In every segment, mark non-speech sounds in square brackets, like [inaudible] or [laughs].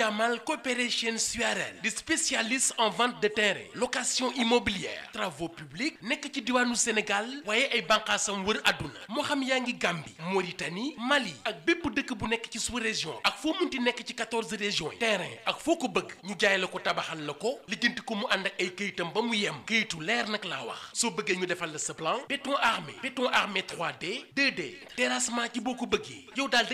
Jamal Corporation Suarel di spécialiste en vente de terrain location immobilière travaux publics nekk ci diwaanu Sénégal waaye ay banqaasam wër àdduna moo xam yaa ngi Gambie Mauritanie Mali ak bépp dëkk bu nekk ci sous-région ak foo munti nekk ci quatorze régions yi terrain ak foo ko bëgg ñu jaay la ko tabaxal la ko lijjanti ko mu ànd ak ay këyitam ba mu yem këyitu leer nag laa wax soo bëggee ñu defal la sa plan béton armé béton armé 3D 2D terrassement ci boo ko bëggee yow daal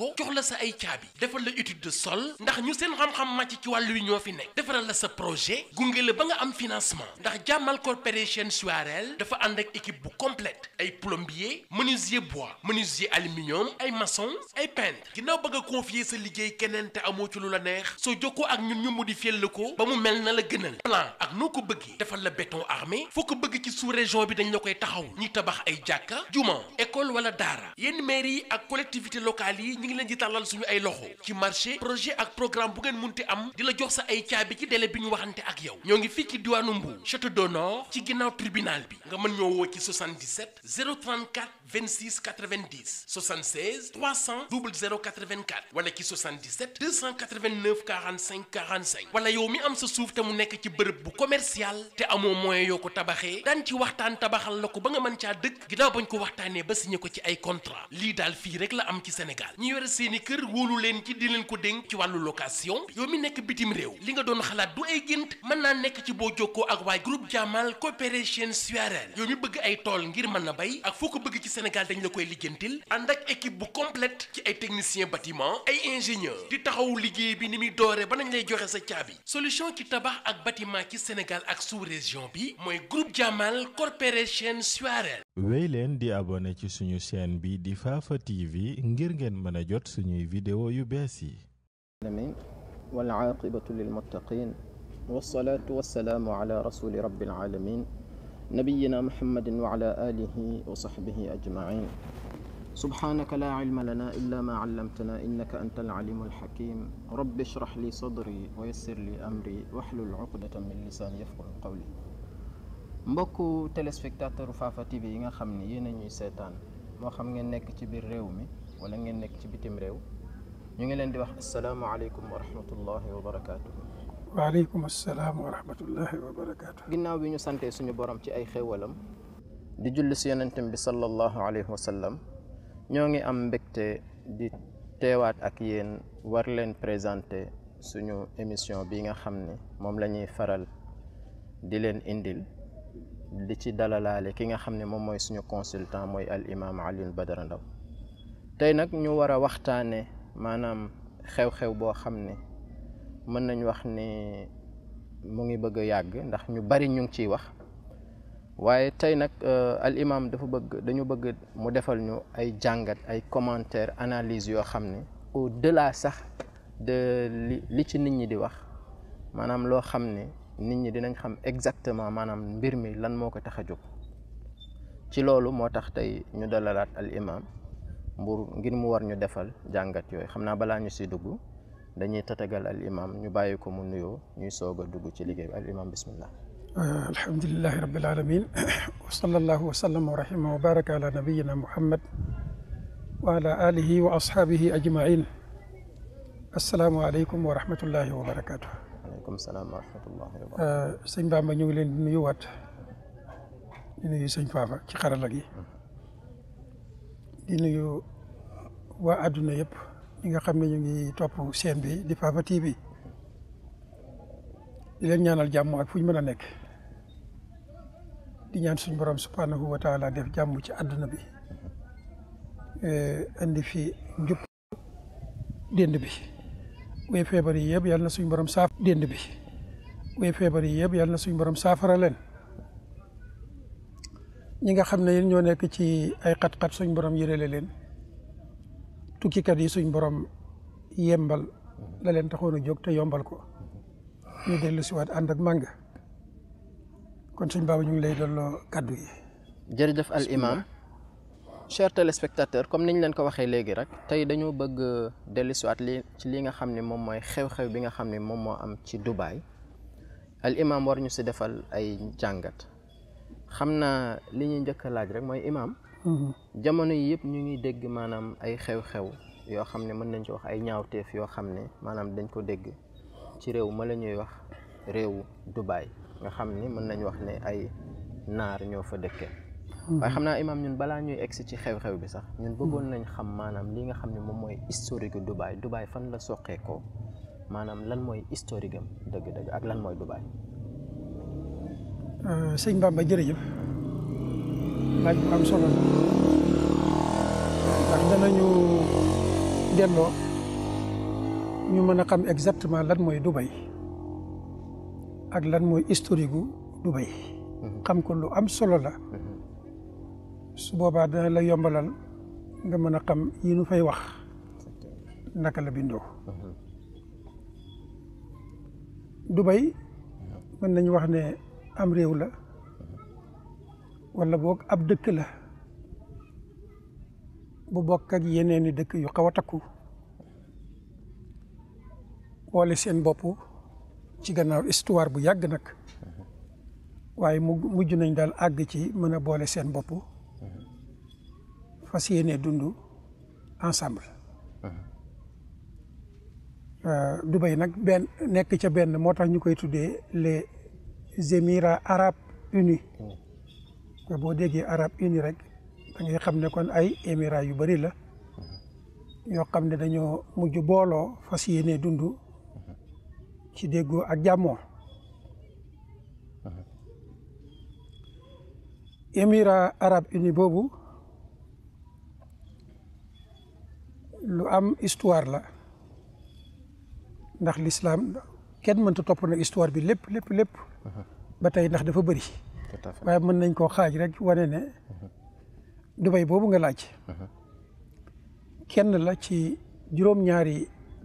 ko jox la sa ay caabi defal la étude de sol ndax ñu seen xam-xam màcc ci wàllu wi ñoo fi nekk defaral la sa projet gunge la ba nga am financement ndax jàmmal corporation Suarel dafa ànd ak équipe bu complète ay plombier menuisier bois menuisier aluminium ay maçon ay peintre ginnaaw bëgg a confier sa liggéey keneen te amoo ci lu la neex soo ko ak ñun ñu modifier la ko ba mu mel na la gënal plan ak noo ko bëggee defal la béton armé foo ko bëgg ci sous bi dañ la koy taxaw ñuy tabax ay jàkka juma école wala daara ñu ngi leen di tàllal suñu ay loxo ci marché projet ak programme bu ngeen munti am di la jox sa ay caabi ci délai bi ñu waxante ak yow ñoo ngi fii ci diwaanu Mbour château d'honneur ci ginnaaw tribunal bi nga mën ñoo woo ci 77 034 26 90 76 300 00 84 wala ci 77 289 45 45 wala yow mi am sa suuf te mu nekk ci bërëb bu commercial te amoo moyen yoo ko tabaxee daan ci waxtaan tabaxal la ko ba nga mën caa dëkk ginnaaw bañ ko waxtaanee ba signé ko ci ay contrat lii daal fii rek la am ci Sénégal ñu yore seeni kër wóolu leen ci di leen ko dénk ci wàllu location yow mi nekk bitim réew li nga doon xalaat du ay gént mën naa nekk ci boo jokkoo ak waa groupe Jamal Corporation Suarel yow mi bëgg ay tool ngir mën a bay ak foo bëgg ci Sénégal dañ la koy lijjantil ànd ak équipe bu complète ci ay technicien bâtiment ay ingénieur di taxawu liggéey bi ni muy dooree ba nañ lay joxe sa caabi solution ci tabax ak bâtiment ci Sénégal ak sous bi mooy groupe Jamal Corporation Suarel. wéy leen di abonné ci suñu chaîne bi di Fafa TV ngir ngeen mën a jot suñuy vidéo yu bees yi. wal aaqibatu lil muttaqin was salaatu was salaamu ala نبينا محمد وعلى آله وصحبه أجمعين سبحانك لا علم لنا إلا ما علمتنا إنك أنت العليم الحكيم رب اشرح لي صدري ويسر لي أمري واحلل عقدة من لساني يفقه قولي mbokku téléspectateur Fafa TV yi nga xam ne yéen a ñuy seetaan moo xam ngeen nekk ci biir réew mi wala ngeen nekk ci bitim réew ñu ngi leen di wax asalaamaaleykum wa rahmatullahi wa barakaatu. waaleykum salaam wa rahmatullahi wa barakaatu. ginnaaw bi ñu santee suñu borom ci ay xéewalam di julli si yonentam bi sallallahu alayhi wa sallam ñoo ngi am mbégte di teewaat ak yéen war leen présenter suñu émission bi nga xam ne moom la ñuy faral di leen indil di ci dalalaale ki nga xam ne moom mooy suñu consultant mooy al imaam Alioune Badara Ndao tey nag ñu war a waxtaane maanaam xew-xew boo xam ne mën nañ wax ni mu ngi bëgg a yàgg ndax ñu bari ñu ngi ciy wax waaye tey nag euh, al imam dafa bëgg dañu bëgg mu defal ñu ay jàngat ay commentaire analyse yoo xam ne au delà sax de li ci nit ñi di wax maanaam loo xam ne nit ñi dinañ xam exactement maanaam mbir mi lan moo ko tax a jóg ci loolu moo tax tey ñu dalalaat al imam mbur ngir mu war ñu defal jàngat yooyu xam naa balaa ñu si dugg dañuy tatagal al ñu bàyyi ko mu nuyoo ñuy soog a dugg ci liggéey bi al imam bismillah euh, alhamdulilahi rabbil alamin wa sallallahu wa sallama wa rahima wa baraka ala nabiyina muhammad wa ala alihi wa ashabihi ajmain asalaamu aleykum wa euh, ñu ngi leen di nuyuwaat di nuyu sëñ ci xarala gi mm-hmm. di nuyu waa adduna yëpp ñi nga xam ne ñu ngi topp seen bi di Fafa TV di leen ñaanal jàmm ak fuñ ñu mën a nekk di ñaan suñu borom subhanahu wa taala def jàmm ci àdduna bi eh, indi fi njub dénd bi buy feebar yi yëpp yàlla na suñu borom saaf bi buy feebar yëpp yàlla na suñu borom saafara leen ñi nga xam ne yéen ñoo nekk ci ay xat-xat suñu borom yërele leen tukkikat yi suñ borom yembal la leen taxoon a jóg te yombal ko ñu dellu si waat ànd ak mànga kon suñ baaba ñu ngi lay delloo kaddu yi. jër jëf al imaam chers téléspectateurs comme niñ leen ko waxee léegi rek tey dañoo bëgg dellusiwaat li ci li nga xam ne moom mooy xew-xew bi nga xam ni moom moo am ci Dubaay al imam war ñu si defal ay jàngat xam naa li ñuy njëkk laaj rek mooy imaam jamono yi yëpp ñu ngi dégg maanaam ay xew-xew yoo xam ne mën nañ ci wax ay ñaawteef yoo xam ne maanaam dañ ko dégg ci réew ma la ñuy wax réewu Dubaay nga xam ne mën nañ wax ne ay naar ñoo fa dëkkee hmm. waaye xam naa imaam ñun balaa ñuy egsi ci xew-xew bi sax ñun hmm. bëggoon nañ xam maanaam li nga xam ne moom mooy historique gu Dubaay Dubaay fan la soqeekoo maanaam lan mooy historique am dëgg-dëgg ak lan mooy Dubaay euh, sëñ laaj bu am solo la ndax danañu delloo ñu mën a xam exactement lan mooy Dubai ak lan mooy historique gu Dubai. Mhm. xam ko lu am solo la. Mhm. su boobaa dana la yombalal nga mën a xam yi nu fay wax naka la bindoo. Mhm. Dubai mën nañu wax ne am réew la. wala boog ab dëkk la bu bokk ak yeneeni dëkk yu xaw a takku boole seen bopp ci gannaaw histoire bu yàgg nag waaye mu mujj nañ daal àgg ci mën a boole seen boppu fas yéene dund ensemble euh, Dubaï nag benn nekk ca benn moo tax ñu koy tuddee les Émirats arabes unis boo déggee arab uni rek da ngay xam ne kon ay émirat yu bari la yoo xam ne dañoo mujj booloo fas yéenee dund ci déggoo ak jàmmoo émirat arab uni boobu lu am histoire la ndax l'islam kenn mënta topp na histoire bi lépp lépp lépp ba tey ndax dafa bari waaye mën nañ koo xaaj rek wane ne Dubai boobu nga laaj kenn la ci juróom-ñaari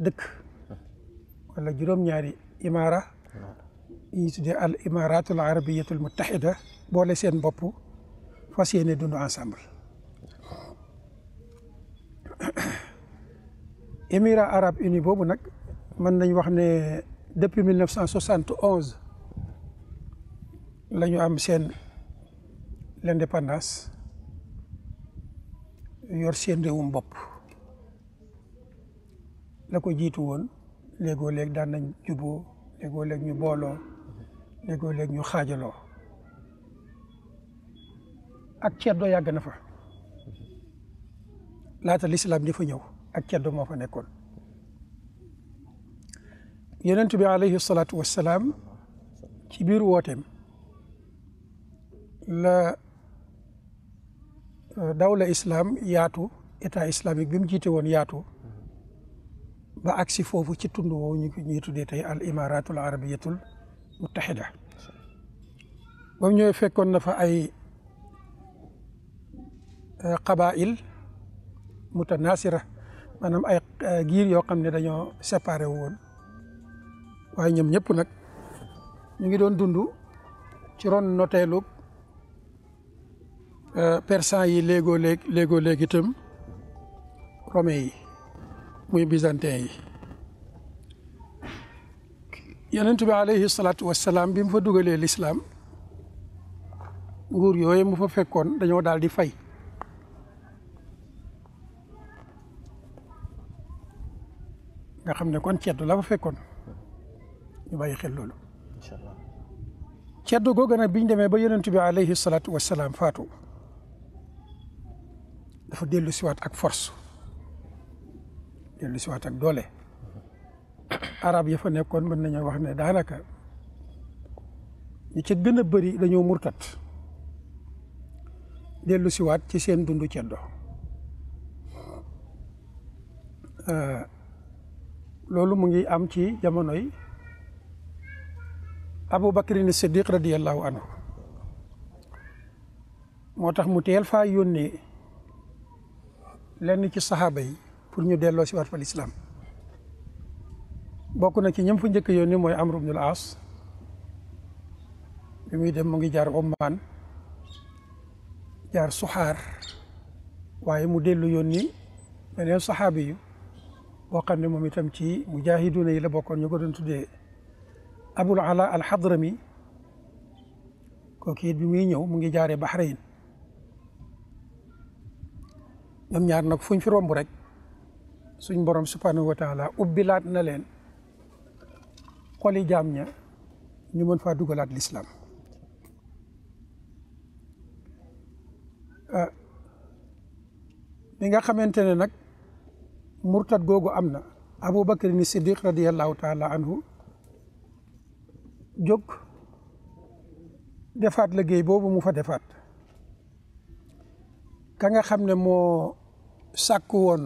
dëkk walla juróom-ñaari imara yi tuddee al imaratul arabiyatul muttahida boole seen boppu fas yéene dund ensemble émirat arab uni boobu nag mën nañ wax ne depuis mille neuf cent soixante lañu am seen l'indépendance yor seen réewum bopp la ko jiitu woon léegoo léeg daan nañ juboo léegoo léeg ñu booloo léegoo léeg ñu xaajaloo ak ceddo yàgg na fa laata lislaam di fa ñëw ak ceddo moo fa nekkoon yonent bi alayhi salaatu wassalaam ci biir wooteem la euh, dawla islam yaatu état islamique bi jiite woon yaatu ba agsi foofu ci tund woowu ñu ñuy tuddee tey al imaratul arabiyatul muttahida ba mu ñëwee fekkoon na fa ay euh, qabail mutanasira maanaam ay euh, giir yoo xam ne dañoo séparé woon waaye ñoom ñëpp nag ñu ngi doon dund ci ron noteelu Euh, persan yi léego léeg léegoo léeg itam romain yi muy byzantin yi yonent bi alayhi salaatu wassalaam bi mu fa dugalee lislaam nguur yooyu mu fa fekkoon dañoo daal di fay nga xam ne kon ceddo la fa fekkoon ñu bàyyi xel loolu ceddo a nag biñ demee ba yonent bi alayhi salaatu wassalaam faatu dafa dellu siwaat ak force dellu siwaat ak doole arab ya fa nekkoon mën nañoo wax ne daanaka ñu ca gën a bëri dañoo murtat dellu siwaat ci seen dundu ceddo loolu mu ngi am ci jamonoy Abu Bakrin Siddiq radiyallahu anhu moo tax mu teel faa yónnee lenn ci saxaaba yi pour ñu delloo si waat fa lislaam bokk na ci ñëm fa njëkk yónni mooy Amru bnul Aas bi muy dem mu ngi jaar Oman jaar Suxaar waaye mu dellu yónni beneen saxaabi yu boo xam ne moom itam ci mujaahiduuna yi la bokkoon ñu ko doon tuddee Abul Ala al Hadrami kooku it bi ñëw mu ngi jaaree Bahrain ñoom ñaar nag fuñ fi romb rek suñ borom subhanahu wa taala ubbilaat na leen xoli jaam ña ñu mën faa dugalaat lislaam ah, bi nga xamante ne nag murtad googu am na abu bakar ni siddiq radiallahu taala anhu jóg defaat liggéey boobu mu fa defaat ka nga xam ne moo sàkku woon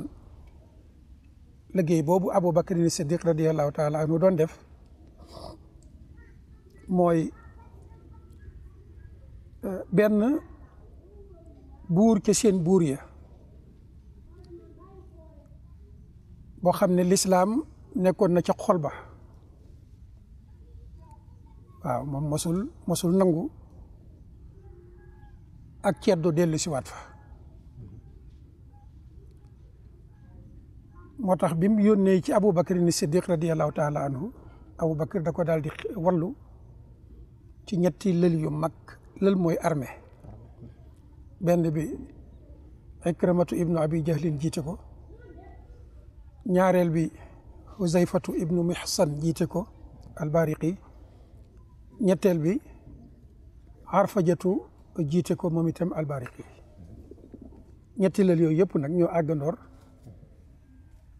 liggéey boobu Aboubacrine Siddiq radiallahu taala anhu doon def mooy euh, benn buur ca seen buur ya boo xam ne lislaam nekkoon na ca xol ba waaw moom mosul mosul nangu ak ceddo dellu siwaat fa moo tax bi mu yónnee ci Abu Bakr ni Siddiq radiyallahu taala anhu Abu Bakr ko daal di wallu ci ñetti lël yu mag lël mooy armée benn bi Ikramatu ibnu Abi Jahlin jiite ko ñaareel bi Huzayfatu ibnu Mihsan jiite ko albariqi ñetteel bi Arfajatu jiite ko moom itam albariqi ñetti lël yooyu yëpp nag ñoo àggandoor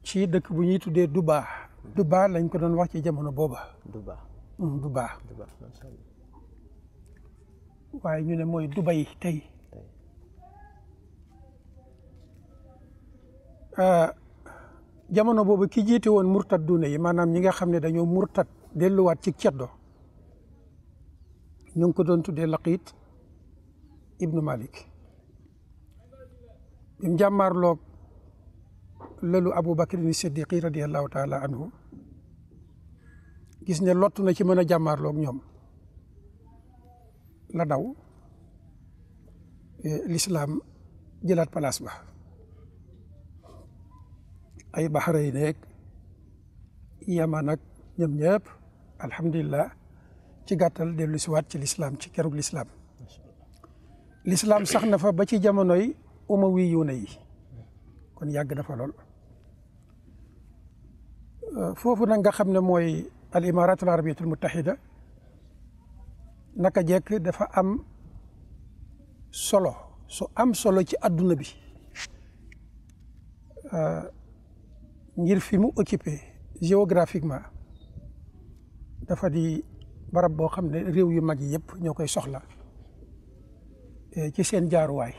ci dëkk bu ñuy tuddee Duba. Duba lañ ko doon wax ci jamono booba. Duba mm, Duba. Duba waaye ñu ne mooy Dubai tey. Ah, jamono boobu ki jiite woon murtat dune yi maanaam ñi nga xam ne dañoo murtat delluwaat ci ceddo ñu ngi ko doon tuddee laqit ibnu malik bi mu jàmmaarloog lalu Abu Bakr ni Siddiqi radiyallahu taala anhu gis ne lott na ci mën a jàmmaarloog ñoom la daw eh, lislaam jëlaat palaas ba ay Bahrayn nekk Yaman ak ñoom ñëpp alhamdulilah ci gàttal dellu siwaat ci lislaam ci kerug lislaam lislaam sax na fa ba ci jamonoy umawi yuuna yi kon yàgg na fa lool foofu nag nga xam ne mooy al imaratul arabiyatul mutahida naka jekk dafa am solo su am solo ci adduna bi euh, ngir fi mu occupé géographiquement dafa di barab boo xam ne réew yu mag yi yëpp ñoo koy soxla euh, ci seen jaaruwaay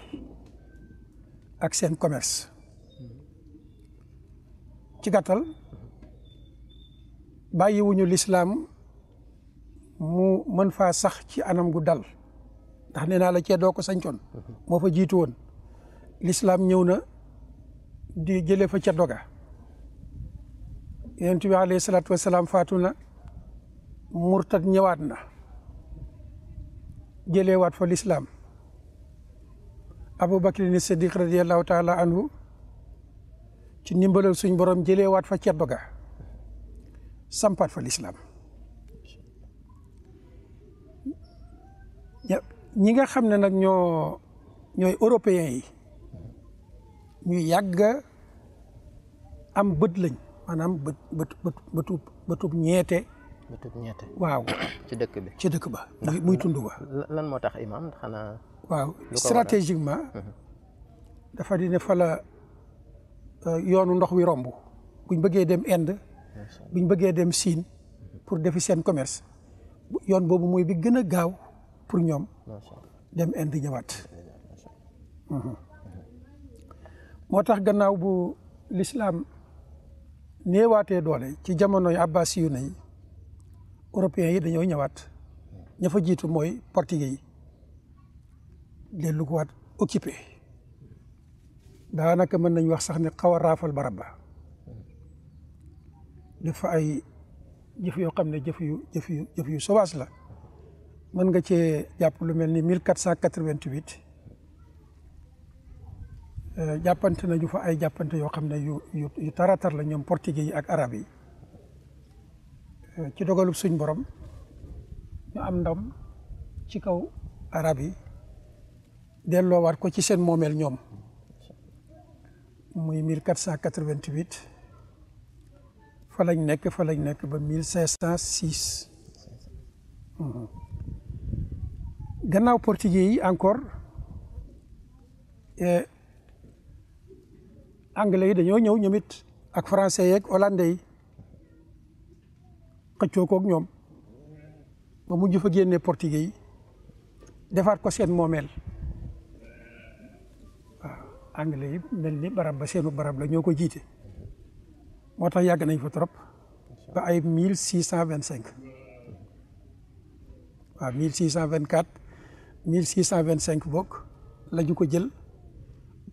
ak seen commerce ci gàttal bàyyiwuñu lislaam mu mën faa sax ci anam gu dal ndax nee naa la cee doo ko sañcoon moo fa jiitu woon lislaam ñëw na di jëlee fa ca doga yonent bi alayhi salaatu wasalaam faatu na murtad ñëwaat na jëleewaat fa lislaam abubakrin siddiq radiallahu taala anhu ci ndimbalal suñ borom jëleewaat fa ceddo ga sampaat fa lislaam ñi nga xam ne nag ñoo ñooy européens yi ñu yàgg am bët lañ maanaam bët bët bëtub ñeete waaw [coughs] ci dëkk bi ci dëkk ba muy tund ba lan moo tax imam xanaa waaw stratégiquement mhm. dafa di ne fa la euh, yoonu ndox wi romb buñ bëggee dem Inde ñu bëggee dem Chine pour defi seen commerce yoon boobu mooy bi gën a gaaw pour ñoom dem Inde ñëwaat mhm. moo tax gannaaw bu lislaam néewaatee doole ci jamonoy abbasi yu ne yi européens yi dañoo ñëwaat ña fa jiitu mooy portugais yi dellu ko waat occupé daanaka mën nañ wax sax ne xaw a raafal barab ba def fa ay jëf yoo xam ne jëf yu jëf yu jëf yu sauvage la mën nga cee jàpp lu mel ni mille quatre cent quatre-vingt-huit euh, jàppante nañu fa ay jàppante yoo xam ne yu yu taratar la ñoom portugais yi ak arab yi euh, ci dogalub suñ borom ñu am ndam ci kaw arab yi delloowaat ko ci seen moomeel ñoom muy mille quatre cent quatre-vingt-huit fa nekk fa lañ nekk ba mille cinq cent six mhm. gannaaw portugais yi encore eh, anglais yi dañoo ñëw ñoom ak français yeeg hollandais yi xëccoo koog ñoom ba mujj fa génne portugais yi defaat ko seen moomeel waaw anglais yi mel ni barab ba seenu barab la ñoo ko jiite moo tax yàgg nañ fa trop ba ay mille six cent vingt cinq waaw mille cent vingt quatre mille six cent vingt cinq bokk la ñu ko jël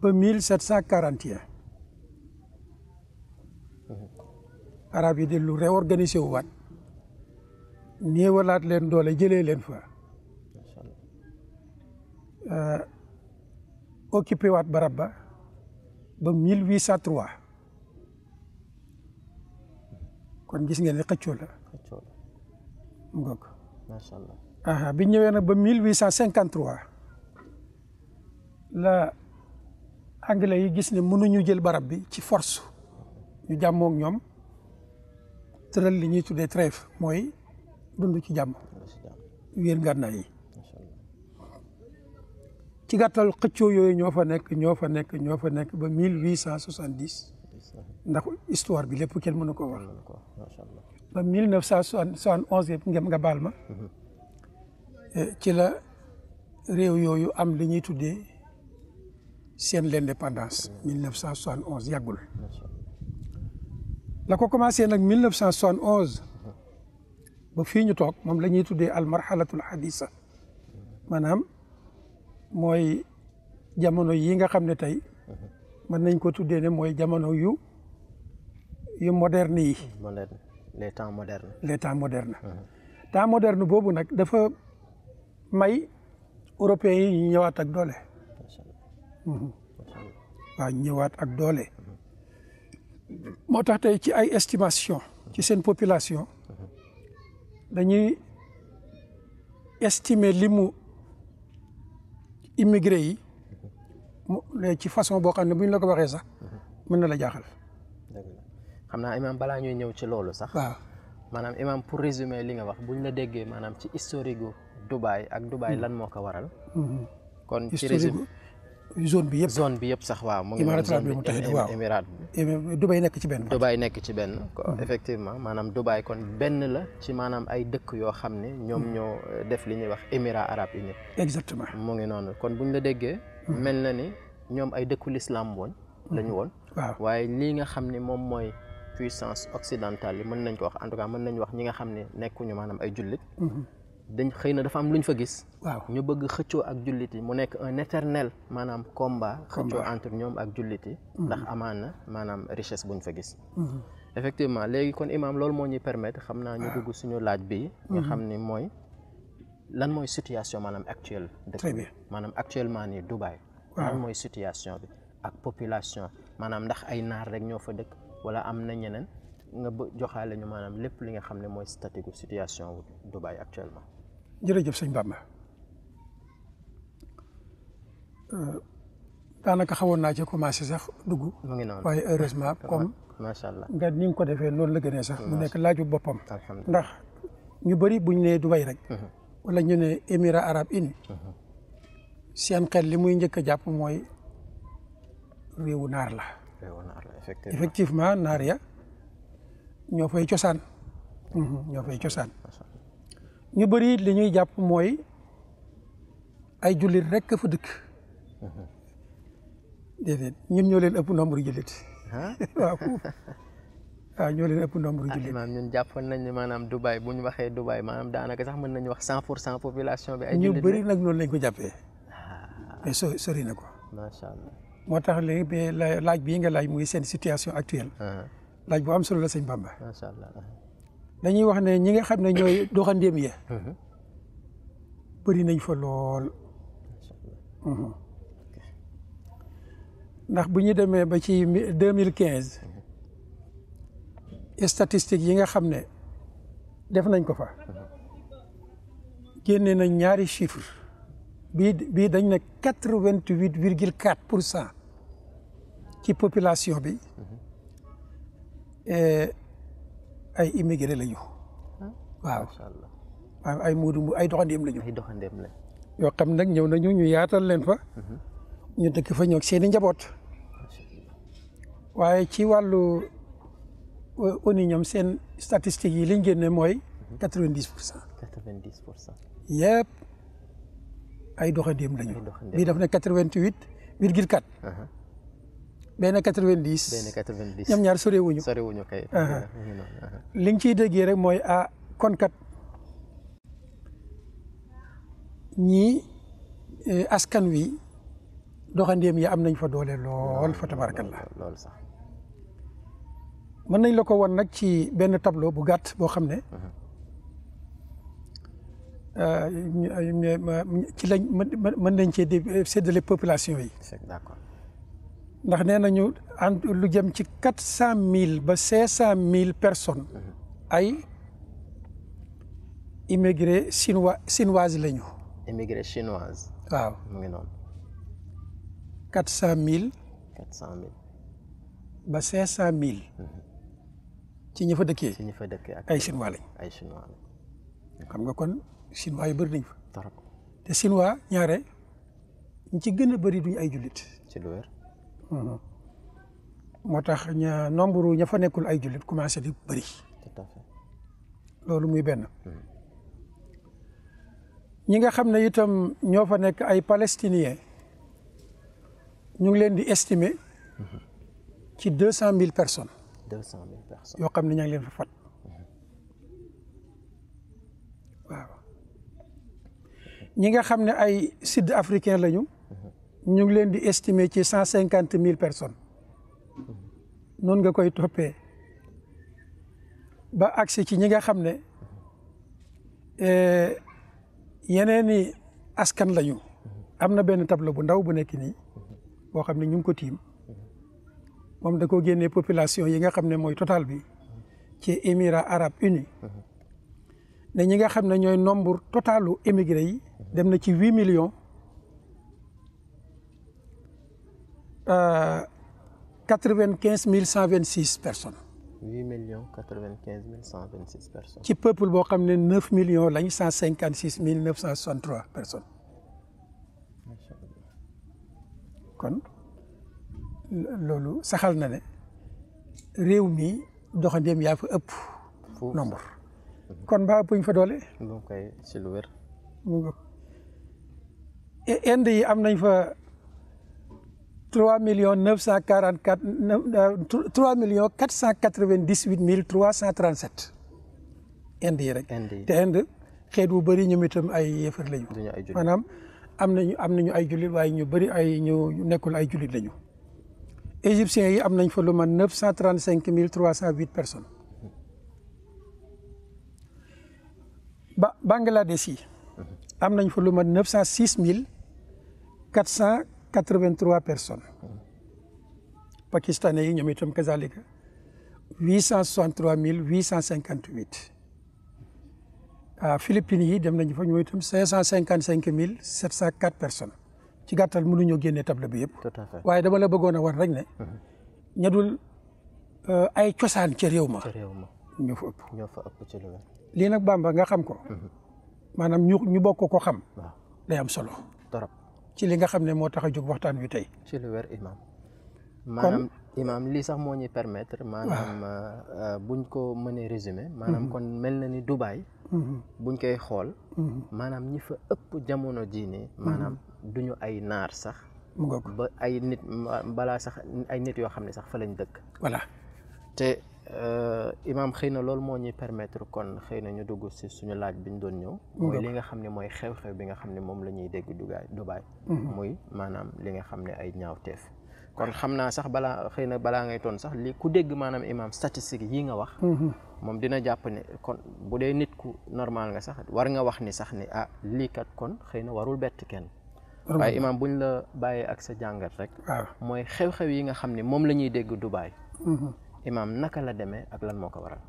ba mille sept cent quarante et arab yi di lu réorganisé wu waat leen doole jëlee leen fa euh, occupé waat barab ba ba mille huit cent trois kon gis ngeen ne xëccoo la. ngoog. bi ñëwee nag ba mille 1853 la anglais yi gis ne mënuñu jël barab bi ci force ñu jàmmoog ñoom tëral li ñuy tuddee trêve mooy dund ci jàmm. wéer gànnaay yi. ci gàttal xëccoo yooyu ñoo fa nekk ñoo fa nekk ñoo fa nekk ba 1870. ndax histoire bi lépp kenn mënu ko wax. macha allah ba mille neuf cent soixante onze yëpp ngem nga baal ma. Mhm. Eh, ci la réew yooyu am li ñuy tuddee seen l'indépendance. Mhm. mille neuf cent soixante onze yàggul. la ko commencé nag mille neuf cent soixante onze. ba fii ñu toog moom la ñuy tuddee al marxalatul hadisa mhm. maanaam mooy jamono yii nga xam ne tey mën nañ ko tuddee ne mooy jamono yu yu moderne yi. moderne les temps modernes. les temps modernes. Mhm. temps moderne boobu nag dafa may européens yi ñu ñëwaat ak doole. Mhm. waaw ñëwaat ak doole. Mhm. moo tax tey ci ay estimation ci seen population dañuy estimer li mu immigré yi mu ci façon boo xam ne bu ñu la ko waxee sax mën na la jaaxal. xam naa imaam balaa ñuy ñëw ci loolu sax. maanaam imaam pour résumer li nga wax bu ñu la déggee maanaam ci historique gu Dubaï ak Dubaï hmm. lan moo ko waral. Hmm. kon ci résumé zone bi yëpp zone bi yëpp sax waaw. mu ngi noonu zone bi émirat bi Dubaï nekk ci benn. Dubaï nekk ci benn. Hmm. effectivement maanaam Dubaï kon benn la ci maanaam ay dëkk yoo xam ne. ñoom ñoo def li ñuy wax émirats arabes unis. exactement mu ngi noonu kon buñ la déggee. mel na ni ñoom ay dëkku lislaam woon. lañu woon. waaye lii nga xam ne moom mooy. puissance occidentale yi mën nañ ko wax en tout cas mën nañ wax ñi nga xam ne nekkuñu maanaam ay jullit mhm. dañ xëy na dafa am lu ñu fa gis waaw ñu bëgg xëccoo ak jullit yi mu nekk un éternel maanaam combat xëccoo entre ñoom ak jullit yi mhm. ndax amaan na maanaam richesse bu ñu fa gis mhm. effectivement léegi kon imaam loolu moo ñuy permettre xam naa ñu ah. dugg suñu laaj bi nga xam ni mooy lan mooy situation maanaam actuelle dëkk bi maanaam actuellement nii Dubaï lan mooy situation bi ak wala am na ñeneen nga bë joxaale ñu maanaam lépp li nga xam ne mooy statique situation wu Dubaï actuellement. jërëjëf sëñ Bamba euh, daanaka xawoon naa ci commencé sax dugg. mu ngi noonu waaye heureusement [laughs] comme. macha allah nga ni nga ko defee noonu la gënee sax. mu nekk laaju boppam. ndax ñu bari buñ ñu nee Dubaï rek. Mhm. wala ñu ne Émirats arabes unis. Mhm. seen xel li muy njëkk a jàpp mooy réewu naar la. réewu naar la. effectivement naar ya ñoo fay cosaan. Mhm, ñoo fay cosaan. ñu bëri li ñuy jàpp mooy ay jullit rek fa dëkk. Mhm. déedéet ñun ñoo leen ëpp nombre jullit. [laughs] waaw waaw ñoo leen ëpp nombre jullit. Ah, maanaam ñun jàppoon nañ ne maanaam Dubaï bu ñu waxee Dubaï maanaam daanaka sax mën nañu wax cent pour cent population bi. ay jullit ñu bëri nag noonu lañ ko jàppee. Ah. mais sori na ko. macha allah. moo tax léegi ba laaj bii nga laaj muy seen situation actuelle. Ah. laaj bu am solo la sëñ Bamba. macha allah dañuy wax ne ñi nga xam ne ñooy doxandéem ya mm-hmm. bëri nañ fa lool. Mm-hmm. ndax bu ñu demee ba ci deux mille quinze mm-hmm. statistiques yi nga xam ne def nañ ko fa génne nañ ñaari chiffre bii bii dañ ne quatre vingt huit virgule quatre pour cent ci population bi eh, ay immigré la ñu. Ah, waaw waaw ay muudu ay doxandeem la ñu. ay doxandeem yoo xam nag ñëw nañu ñu yaatal leen fa. Mhm. ñu dëkk fa ñëw seen njaboot. waaye ci wàllu euh, ONU ñoom seen statistiques yi liñ génne mooy. Mhm. quatre vingt dix pour cent. quatre vingt dix pour cent. yëpp ay doxandeem la ñu. ay doxandeem bii daf ne quatre vingt benn 90. benn 90 ñoom ñaar sorewuñu. sorewuñu kay. li nga ciy déggee mooy ah kon ñii eh, askan wi doxandéem yi am nañ fa doole lool fa la lool sax mën nañ la ko won nag ci benn tableau bu gàtt boo xam ne. Ah, ci lañ mën nañ cee eh, séddale population yi. d'accord. ndax nee nañu en lu jëm ci quatre cent mille ba cinq cent mille personnes mhm. ay immigré chinois chinoise la ñu. immigré waaw mu ngi noonu. quatre cent mille. quatre cent mille. Mhm. ci ñi fa dëkkee. ci ñi fa dëkkee ak ay chinois lañ. ay chinois xam nga kon chinois yu bëri nañ fa. te chinois ñaare ñi ci gën a bëri duñ ay jullit. ci lu Mm-hmm. moo tax ñaa nombre ña fa nekkul ay jullit commencé di bëri. tout loolu muy benn. Mm-hmm. ñi nga xam ne itam ñoo fa nekk ay palestiniens ñu ngi leen di estimer mm-hmm. ci deux cent mille personnes. deux cent mille personnes yoo xam ne ña ngi leen fa fat ñi nga xam ne ay sud africain lañu. ñu ngi leen di estimer ci cent cinquante mille personnes noonu nga koy toppee ba agsi ci ñi nga xam ne eh, yeneeni askan lañu am na benn tableau bu ndaw bu nekk nii boo xam ne ñu ngi ko tiim moom da koo génnee population yi nga xam ne mooy total bi ci Émirats arab unis ne ñi nga xam ne ñooy nombre totalu émigré yi dem na ci huit millions Euh, quatre-vingt-quinze mille cent vingt-six personnes. huit millions quatre-vingt-quinze ci peuple boo xam ne neuf millions lañ cent cinquante-six mille neuf cent soixante-trois personnes. kon loolu saxal na ne réew mi doxandéem yaa fa ëpp. nombre kon ba ëpp ñu fa doole. mu ngi e-, am nañ fa. 3 millions 944 3 euh, millions 498 mille 337 indi yi rek. indi yi te indi xeet bu bëri ñoom itam ay yëfar lañu. maanaam am nañu am nañu ay jullit waaye ñu bëri ay ñu nekkul ay jullit lañu. égyptiens yi am nañ fa lu man 935 mille 308 personnes. ba Bangladesh yi. Mm-hmm. am nañ fa lu man 906 mille 400. quatre-vingt-trois yi ñoom itam kazalika huit cent soixante mille huit cent cinquante-huit ah Philippines yi dem nañu fa ñoom itam cinq cent cinquante-cinq mille sept cent quatre personnes ci gàttal mënuñoo génne table bi yëpp. tout à fait waaye dama la bëggoon a war rek ne. Mhm. ña dul euh, ay cosaan ca réew ma. ca réew ma lii nag Bamba nga xam ko. Mhm. maanaam ñu ñu bokk ko xam. day am solo. torop ci li nga xam ne moo tax a jóg waxtaan wi tey. ci lu wér imaam. maanaam imaam lii sax moo ñuy permettre. maanaam euh, euh, buñ ko mënee résumé. Mhm. maanaam kon mel na ni Dubaï. Mhm. buñ koy xool. Mhm. maanaam ñi fa ëpp jamono jii nii. maanaam duñu ay naar sax. ba ay nit balaa sax ay nit yoo xam ne sax fa lañ dëkk. te. Euh, Imaam xëy na loolu moo ñuy permettre kon xëy na ñu dugg si suñu laaj bi ñu doon ñëw. mooy li nga xam ne mooy xew-xew bi nga xam ne moom la ñuy dégg Dubaay Dubaay. Mm-hmm. muy maanaam li nga xam ne ay ñaawteef. kon xam naa sax balaa xëy na balaa ngay toon sax li ku dégg maanaam Imaam statistique yi nga wax. Mm-hmm. moom dina jàpp ne kon bu dee nit ku normal nga sax war nga wax ni sax ni ah lii kon xëy na warul bett kenn. waaye buñ la bàyyee ak sa jàngat rek. Ah. mooy xew yi nga xam ne moom la ñuy dégg Dubaay. Mm-hmm. imaam naka la demee ak lan moo ko waral.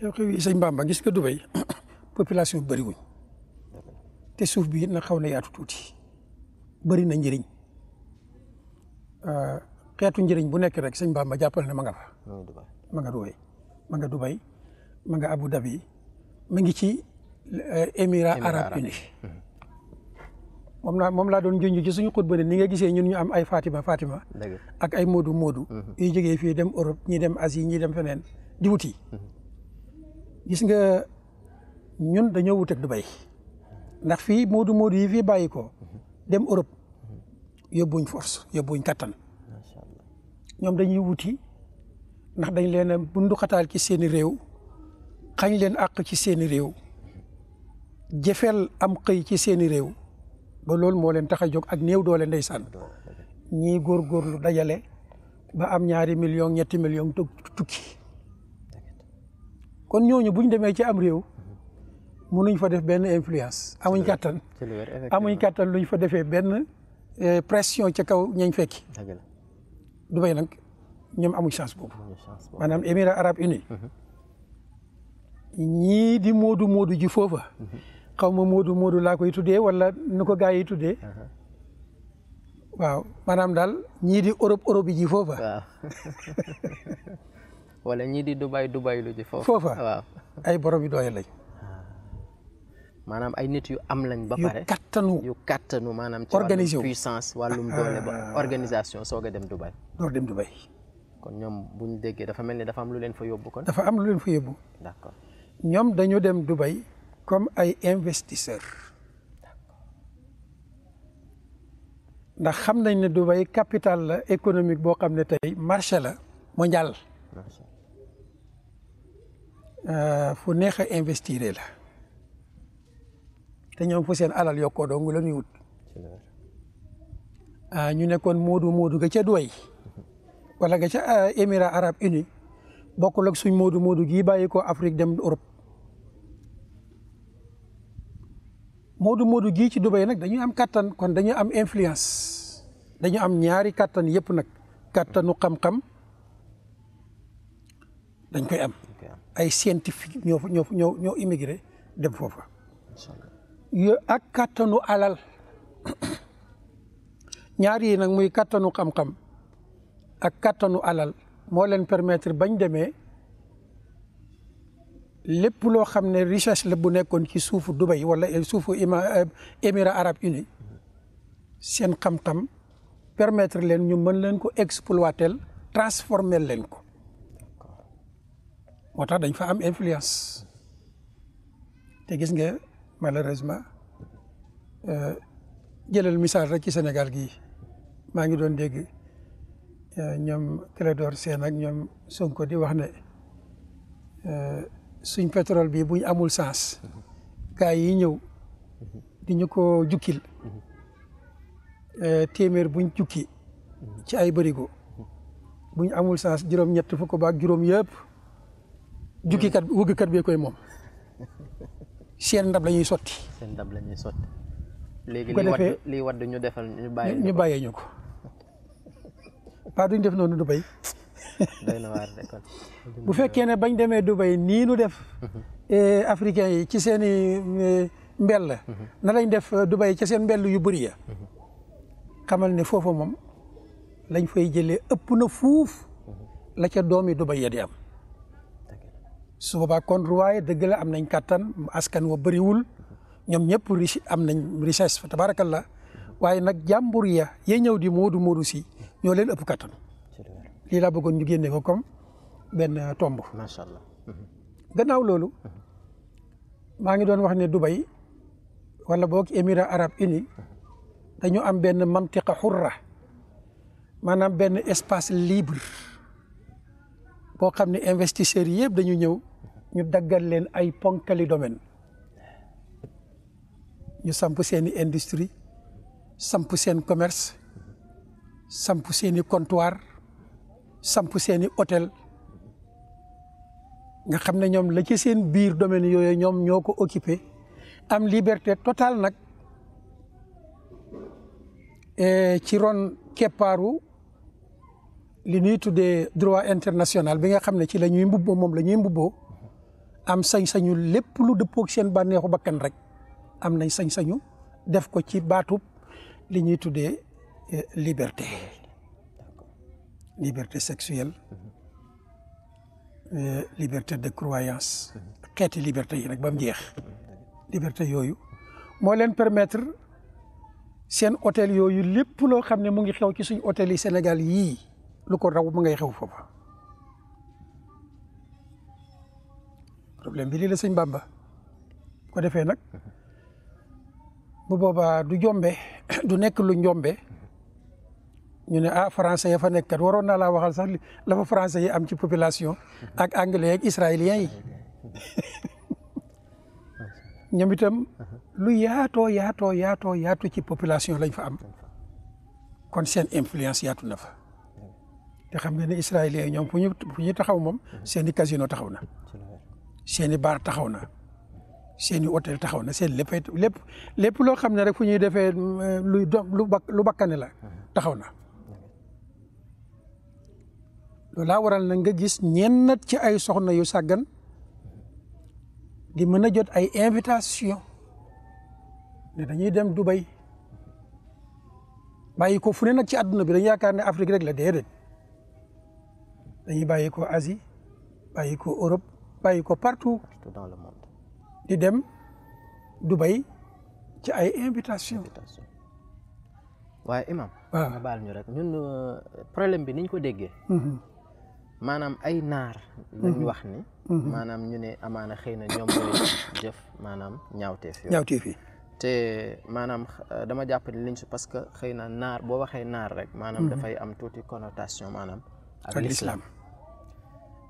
xew-xew yi sëñ Bamba gis nga Dubai [coughs] population bëri te suuf bi it na xaw na yaatu tuuti bëri na njëriñ ah, xeetu njëriñ bu nekk rek sëñ Bamba jàppal ne ma nga fa. ma nga Dubai ma nga nga Abu Dhabi ma ngi ci eh, émirats arabes unis hmm. moom laa moom laa doon junj ci suñu xutba ne ni nga gisee ñun ñu am ay Fatima Fatima. ak ay Moodu Moodu. Mhm. yuy jógee fii dem Europe ñii dem Asie ñii dem feneen di wuti. Mhm. gis nga ñun dañoo wuteeg Dubai ndax fii Moodu Moodu yi fii bàyyi ko mhm. dem Europe yóbbuñ force yóbbuñ kattan. ñoom dañuy wuti ndax dañ leen a bundu xataal ci seeni réew xañ leen àq ci seeni réew jëfeel am xëy ci seeni réew. ba loolu moo leen tax a jóg ak néew doole ndeysaan ñii lu dajale ba am ñaari million ñetti million tukki kon ñooñu bu demee ci am réew nuñ fa def benn influence amuñ kàttan amuñ kàttan luñ fa defee benn eh, pression ca kaw ñañ fekki Dubaï nag ñoom amuñ chance boobu maanaam Émirats arabes unis mhm. ñii di moodu moodu ji foofa mhm. xaw ma Moodu Moodu laa koy tuddee walla nu ko gaa yi tuddee. Uh-huh. waaw maanaam daal ñii di Europe Europe ji foofa. waaw [laughs] wala ñii di Dubai Dubai lu ji foofa. ay borom yu doole lañ. Ah. maanaam ay nit yu am lañ. ba pare yu kattanu yu kattanu maanaam. ci wàllum puissance wàllum ah. organisation soog a dem Dubai. door dem Dubai. kon ñoom bu ñu déggee dafa mel ni dafa am lu leen fa yóbbu kon. dafa am lu leen fa yóbbu. d'accord ñoom dañu dem Dubai. comme ay investisseur ndax xam nañ ne du bay capital la économique boo xam ne tey marché la mondial euh, fu neex a la te ñoom fu seen alal yokkoo doo ngi la ñuy wut ah ñu nekkoon moodu moodu ga ca Dubaï wala ga ca euh, Émirats arab uni bokkul ak suñ moodu moodu gii bàyyi ko Afrique dem Europe moodu moodu gii ci Dubai nag dañuy am kattan kon dañuy am influence dañu am ñaari kattan yëpp nag kattanu xam-xam dañ koy am ay scientifique ñoo ñoo ñoo ñoo immigré dem foofa yo ak kattanu alal ñaar nag muy kattanu xam-xam ak kattanu alal moo leen permettre bañ demee lépp loo xam ne richesse la bu nekkoon ci suufu Dubai wala suufu euh, émirats arab uni seen xam-xam permettre leen ñu mën leen ko exploiter transformer leen ko moo tax dañ fa am influence te gis nga malheureusement euh, jëlal misaal rek ci Sénégal gi maa ngi doon dégg euh, ñoom Clédor Sène ak ñoom Sonko di wax ne. suñ pétrole bii buñ amul sens gars yi ñëw di ñu ko jukkil eh, téeméer buñ jukki ci ay bërigo buñ amul sens juróom-ñett fukk ba juróom yëpp jukkikat wëggkat bee koy moom seen ndab lañuy sotti. seen ndab la ñuy léegi li wadd li wadd ñu defal ñu bàyyee ñu ko ñu bàyyee ko. waa duñ def noonu du bay doy [laughs] bu fekkee ne bañ demee Dubai nii nu def. [laughs] Eh, africains yi ci seeni i eh, mbell. [laughs] na lañ def eh, Dubai ci seen mbell yu bëri ya. xamal ne foofa moom lañ fay jële ëpp na fuuf la ca doomi Dubai ya di am. su boobaa kon ruwaay dëgg la am nañ kattan askan wa bariwul ñoom ñëpp riche am nañ richesse fa tabaarakallah waaye nag jàmbur ya yee ñëw di moodu moodu si ñoo leen ëpp kattan. lii la bëggoon ñu génne ko comme benn tomb. macha allah. Mhm. gannaaw loolu mhm. maa ngi doon wax ne Dubai wala boog Émirats arabes unis dañu am benn mantiqa xurra maanaam benn espace libre boo xam ne investisseur yëpp dañu ñëw ñu daggal leen ay ponkali domaine ñu samp seeni industrie samp seen commerce samp seeni comptoir samp seeni hôtel nga xam ne ñoom la ci seen biir domaine yooyu ñoom ñoo ko occupé am liberté total nag e ci ron keppaaru li ñuy tuddee droit international bi nga xam ne ci la ñuy mbubboo moom la ñuy mbubboo am sañ-sañu lépp lu dëppoog seen bànneexu bakkan rek am nañ sañ-sañu def ko ci baatub li ñuy tuddee e, liberté liberté sexuelle mhm. euh, liberté de croyance mhm. xeeti liberté yi nag ba mu jeex liberté yooyu moo leen permettre seen hôtel yooyu lépp loo xam ne mu ngi xew ci suñ hôtel yi Sénégal yii lu ko raw mu ngay xew foofa problème bi lii la sëñ Bamba ko defee nag mhm. bu boobaa du jombe du nekk lu njombe ñu ne ah français fa nekk kat waroon naa laa waxal sax la fa français yi am ci population ak anglais ak israélien yi [laughs] ñoom itam lu yaatoo yaatoo yaatoo yaatu ci population lañ fa am seen influence yaatu te xam nga ne israélien ñoom fu ñu taxaw moom seen i taxaw na seen i bar taxaw na seen i hôtel taxaw na seen lépp lépp lépp loo xam ne rek fu ñuy defee mm, lu lu bakkane la taxaw na loolaa waral na nga gis ñennat ci ay soxna yu sàggan di mën a jot ay invitation ne dañuy dem Dubai bàyyi ko fu nag ci àdduna bi dañu yaakaar ne Afrique rek la déedéet dañuy bàyyi ko Asie bàyyi ko Europe bàyyi ko partout dans le monde di dem Dubai ci ay invitation waaye ñu rek ñun euh, bi niñ ko déggee mm-hmm. maanaam ay naar lañu mhm. wax ni mhm. maanaam ñu ne amaana xëy na ñoom ñooy jëf maanaam ñaawtee yooyu ñaawteef yi te maanaam euh, dama jàpp ne liñ parce que xëy na naar boo waxee naar rek maanaam mhm. dafay am tuuti connotation maanaam ak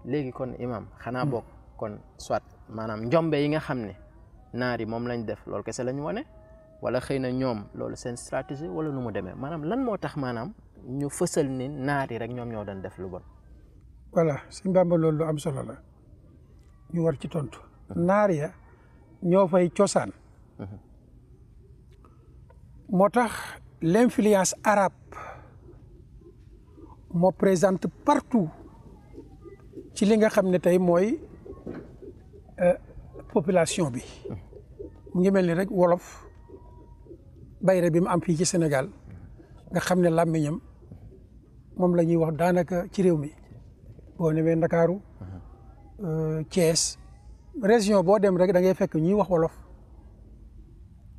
léegi kon imam xanaa bokk kon soit maanaam njombe yi nga xam ne naar yi moom lañ def loolu kese lañ wane wala xëy na ñoom loolu seen stratégie wala nu mu demee maanaam lan moo tax maanaam ñu fësal ni naar yi rek ñoom ñoo daan def lu bon voilà sëñ Bàmba loolu lu am solo la ñu war ci tontu. naar ya ñoo fay cosaan. moo tax l'influence arabe moo présente partout ci li nga xam ne tey mooy euh, population bi. mu ngi mel ni rek wolof bayre bi mu am fii ci Sénégal nga xam ne làmmiñam moom la ñuy wax daanaka ci réew mi. boo ñëwee Ndakaaru uh-huh. uh, Thiès région boo dem rek da ngay fekk ñuy wax wolof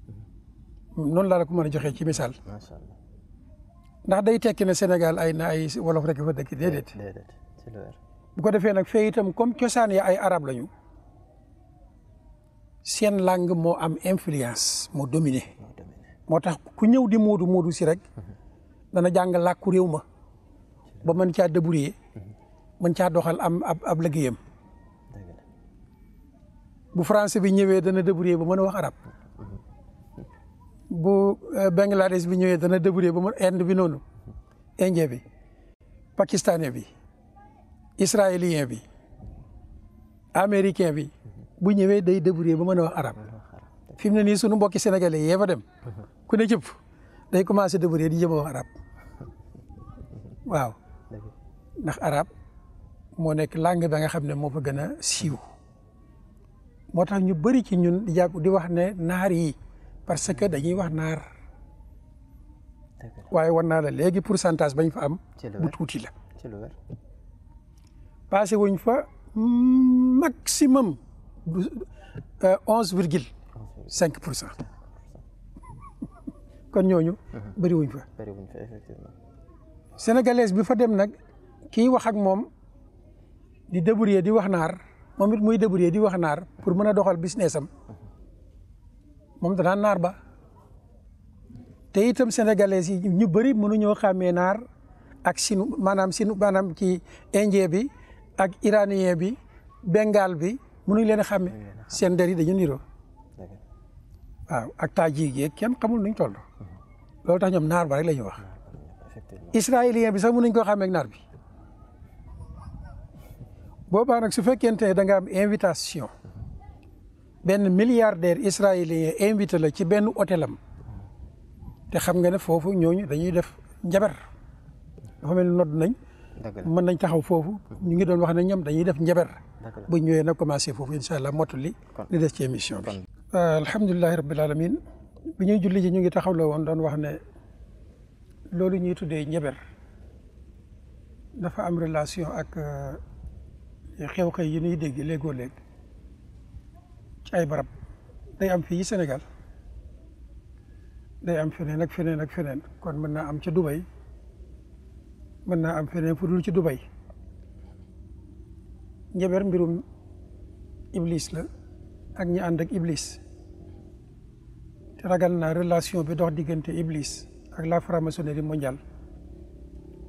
uh-huh. noonu laa la ko mën a joxee ci misaal. macha allah ndax day tekki ne Sénégal ay na ay wolof rek fa dëkk déedéet. déedéet bu ko defee nag fee itam comme cosaan ya ay arab lañu seen langue moo am influence moo dominé. moo tax ku ñëw di moodu moodu si rek uh-huh. dana jàng làkku réew ma ba mën caa débrouiller mën caa doxal am ab ab liggéeyam bu français bi ñëwee dana débrouiller ba mën a wax arab bu euh, Bangladesh bi ñëwee dana débrouiller ba mën Inde bi noonu indien bi pakistanais bi israélien bi américain bi bu ñëwee day débrouiller ba mën a wax arab fi mu ne nii sunu mbokki sénégalais yee fa dem ku ne day commencé débrouiller di jëm a wax arab [laughs] waaw ndax arab moo nekk langue ba nga xam ne moo fa gën a siiw moo tax ñu bëri ci ñun di jàpp di wax ne naar yi parce que dañuy wax naar waaye wan naa la léegi pour pourcentage bañ fa am bu tuuti la passé wuñ fa maximum euh, onze virgule cinq pour cent [laughs] kon ñooñu mhm. bëri wuñ fa sénégalaise bi fa dem nag kii wax ak moom di débrouiller di wax naar moom it muy débrouiller di wax naar pour mën a doxal business am moom danaan naar ba te itam sénégalais yi ñu bëri mënuñoo xàmmee naar ak sinu maanaam sinu maanaam ci indien bi ak iranien bi bengal bi mënuñ leen a xàmmee seen der dañu niroo waaw ak taji yi kenn xamul nuñ toll loolu tax ñoom naar ba rek la ñuy wax israélien bi sax mënuñ koo xàmmee ak naar bi boobaa nag su fekkente ne da nga am invitation benn milliardaire israélien invité la ci benn hôtelam te xam nga ne foofu ñooñu dañuy def njabar dafa mel ni nodd mën nañ taxaw foofu ñu ngi doon wax ne ñoom dañuy def njabar. bu ñëwee na commencé foofu incha allah mottali. li des ci émission bi. Euh, alhamdulilah rabbil alamin bi ñuy julli ji ñu ngi taxaw la woon doon wax ne loolu ñuy tuddee njabar dafa am relation ak. Euh, xew-xew yi ñuy dégg léegoo léeg ci ay barab day am fii Sénégal day am feneen ak feneen ak feneen kon mën naa am ci Dubai mën naa am feneen fu dul ci Dubai njaber mbirum iblis la ak ñi ànd ak iblis te ragal naa relation bi dox diggante iblis ak la franc-maçonnerie mondiale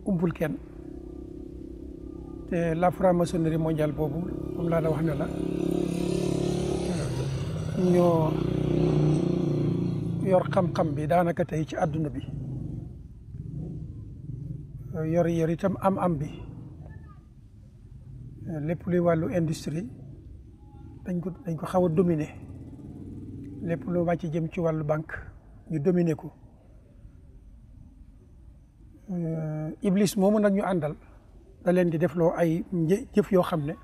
umpul kenn te la franc-maçonnerie mondiale boobu moom laa la wax ne la ñoo yor xam-xam bi daanaka tey ci àdduna bi yor yor itam am-am bi lépp luy wàllu industrie dañ ko dañ ko xaw a dominer lépp lu wàcc jëm ci wàllu bank ñu dominer ko iblis moomu nag ñu àndal. da leen di defloo ay jëf yoo xam ne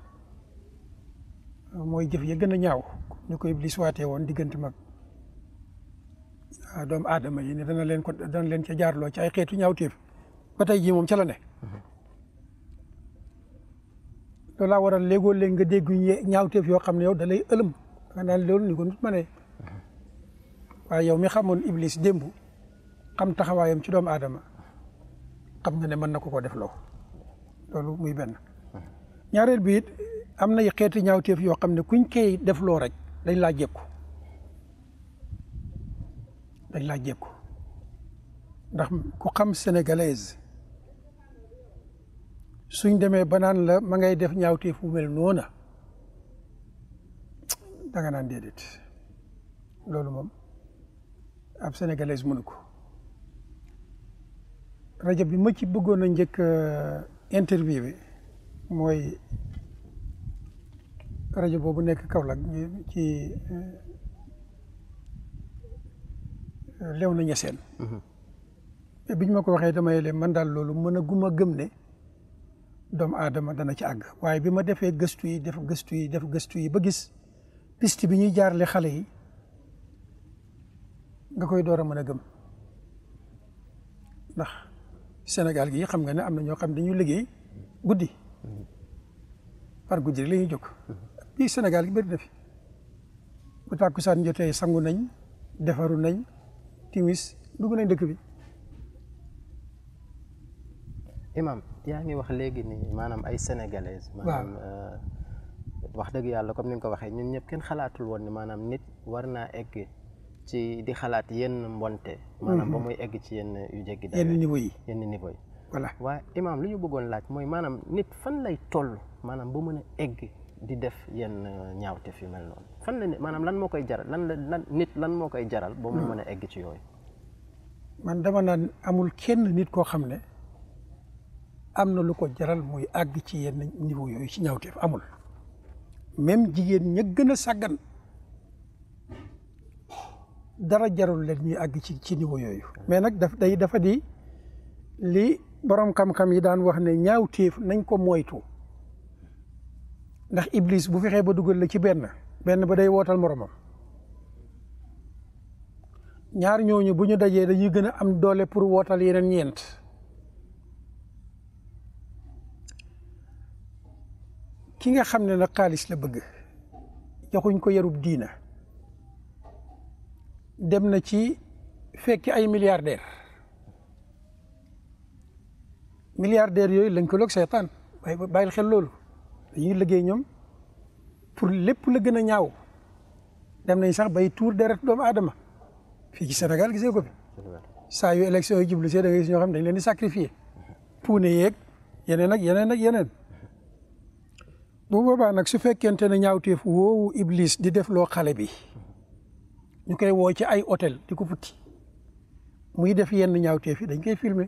mooy jëf ya gën a ñaaw ni ko Iblis waatee woon diggante mag ah, doom aadama yi ne dana leen ko dana leen ca jaarloo ci ay xeetu ñaawteef ba tey jii moom ca la ne loolu laa waral léegoo léeg nga dégg ñaawteef yoo xam ne yow da lay ëlëm nga naan loolu ni ko nit ma ne waaye yow mi xamoon Iblis démb xam taxawaayam ci doomu aadama xam nga ne mën na ko ko defloo loolu muy benn ñaareel bi it am na xeeti ñaawteef yoo xam ne kuñ koy def loo rek dañ laa jékku dañ laa jékku ndax ku xam sénégalaise suñ demee ba naan la ma ngay def ñaawteef bu mel noona danga naan déedéet loolu moom ab sénégalaise mënu ko rajo bi ma ci bëggoon a njëkk interview bi mooy rajo boobu nekk Kaolack ci euh, Léona Niassène mm-hmm. biñ ma ko waxee damay leen man daal loolu mën a guma gëm ne doomu aadama dana ci àgg waaye bi ma defee gëstu yi def gëstu yi def gëstu yi ba gis piste bi ñuy jaarale xale yi nga koy door a mën a gëm Sénégal gi xam nga ne am na ñoo xam dañuy liggéey guddi par guddi rek la ñuy jóg bii Sénégal gi bëri na fi bu tàkkusaan jotee sangu nañ defaru nañ timis dugg nañ dëkk bi. imam yaa ngi wax léegi ni maanaam ay sénégalais. maanaam euh, wax dëgg yàlla comme ni nga ko waxee ñun ñëpp kenn xalaatul woon ni maanaam nit war naa egg. ci di xalaat yenn mbonte. maanaam ba mhm. muy egg ci yenn yu jéggi dayoo yenn niveau yi yenn niveau yi. voilà waaye imaam li ñu bëggoon laaj mooy maanaam nit fan lay toll maanaam ba mën a egg di def yenn euh, ñaawteef yu mel noonu fan la nit maanaam lan moo koy jaral lan la lan nit lan moo koy jaral. ba mu hmm. mën a egg ci yooyu. man dama naan amul kenn nit koo xam ne am na lu ko jaral muy àgg ci yenn niveau yooyu ci ñaawteef amul même jigéen ña gën a sàggan. dara jarul leen ñuy àgg ci ci niveau yooyu mais nag daf day dafa di lii borom xam-xam yi daan wax ne ñaaw téef nañ ko moytu ndax iblis bu fexee ba dugal la ci benn benn ba day wootal moromam ñaar ñooñu bu ñu dajee dañuy gën a am doole pour wootal yeneen ñeent ki nga xam ne nag xaalis la bëgg joxuñ ko yarub diina dem na ci fekki ay milliardaire milliardaires yooyu lëkkaloog seytaan bàyyi bàyyil xel loolu dañuy liggéey ñoom pour lépp la gën a ñaaw dem nañ sax bay tuur deret doomu aadama fii ci senegal gisee ko fi saa yu élection yi jublu see da ngay gis ñoo xam ne dañ leen di sacrifier puune yeeg yeneen ak yeneen ak yeneen bu boobaa nag su fekkente ne ñaawteef woowu Iblis di def loo xale bi ñu koy woo ci ay hôtel di ko futti muy def yenn ñaawteef yi dañ koy filmer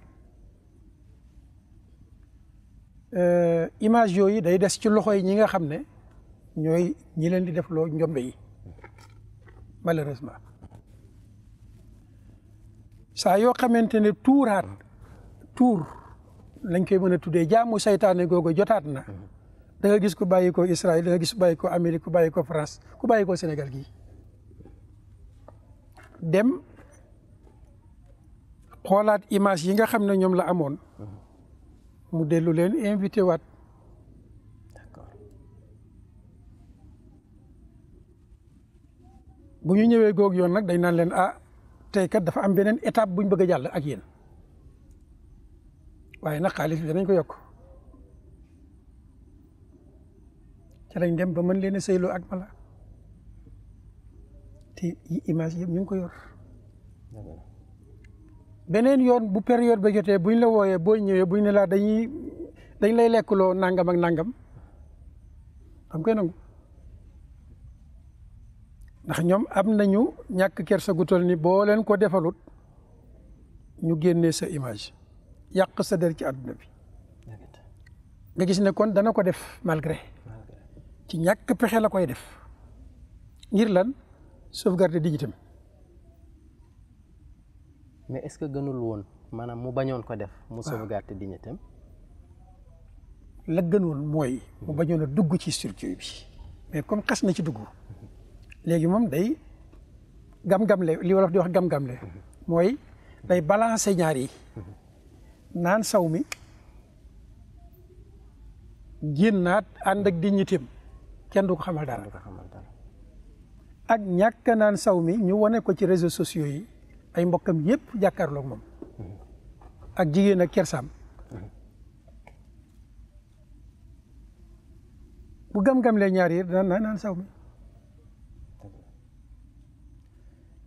euh, image yooyu day des ci loxo yi ñi nga xam ne ñooy ñi leen di def loo njombe saa yoo xamante ne tuuraat tuur lañ koy mën a tuddee jaamu seytaane googu jotaat na mm-hmm. da gis ku bàyyi ko Israël da nga gis ku bàyyi ko Amérique ku bàyyi ko France ku bàyyi ko Sénégal gi dem xoolaat image yi nga xam ne ñoom la amoon mu dellu leen invité waat bu ñu ñëwee goog yoon nag dañ naan leen ah tey dafa am beneen étape bu ñu bëgg a jàll ak yéen waaye na xaalis bi danañ ko yokk ca lañ dem ba mën leen a sëyloo ak mala te image yëpp ñu ngi ko yor beneen yoon bu période ba jotee buñ la wooyee boo ñëwee buñ ne laa dañ lay lekkuloo nangam ak nangam xam koy nangu ndax ñoom am nañu ñàkk kersa gu toll ni boo leen ko defalut ñu génnee sa image yàq sa der ci àdduna bi nga gis ne kon dana ko def malgré ci ñàkk pexe la koy def ngir lan sauvegarder dignité am mais est-ce que gënul woon maanaam mu bañoon ko def mu sauvegarder dignité am la gënoon mooy mu bañoon a dugg ci structure bi comme kas na ci dugg léegi moom day gam-gamle li di wax gam-gamle mooy day balancer ñaar yi naan saw mi génnaat ànd ak dignitéem kenn du ko xamal ak ñàkk naan saw mi ñu wane ko ci réseaux sociaux yi ay mbokkam yépp jàkkaarloog moom ak jigéen ak kersaam bu gam-gam ñaar yi daan naan saw mi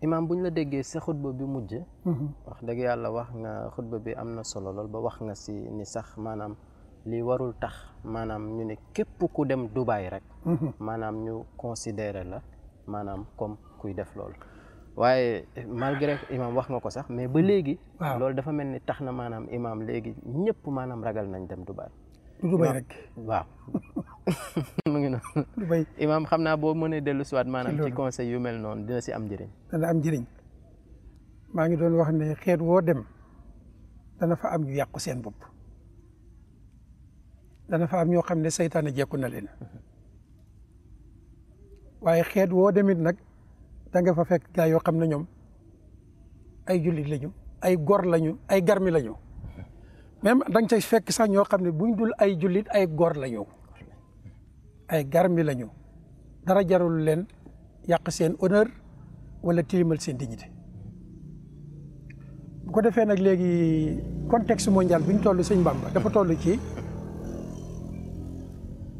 imaam bu ñu la déggee si xutba bi mujj mhm. wax dëgg yàlla wax nga xutba bi am na solo lool ba wax nga si ni sax maanaam li warul tax maanaam ñu ne képp ku dem Dubaay rek mhm. maanaam ñu considéré la maanaam comme kuy def lool waaye malgré imaam wax nga ko sax mais ba léegi loolu dafa mel ni tax na maanaam imaam léegi ñëpp maanaam ragal nañ dem Dubaï Dubaï rek waaw [laughs] ngi noonu Dubaï imaam xam naa boo mënee dellu siwaat maanaam ci conseil yu mel noonu dina si am njëriñ dana am njëriñ maa ngi doon wax ne xeet woo dem dana fa am ñu yàqu seen bopp dana fa am ñoo xam ne seytaane jekku na leen mhm. waaye xeet woo demit nag da nga fa fekk gaa yoo xam ne ñoom ay jullit lañu ay gor lañu ay garmi lañu même da nga fekk sax ñoo xam ne buñ dul ay jullit ay gor lañu ay garmi lañu dara jarul leen yàq seen honneur wala tilimal seen dignité bu ko defee nag léegi contexte mondial bi ñu toll sëñ Bamba dafa toll ci.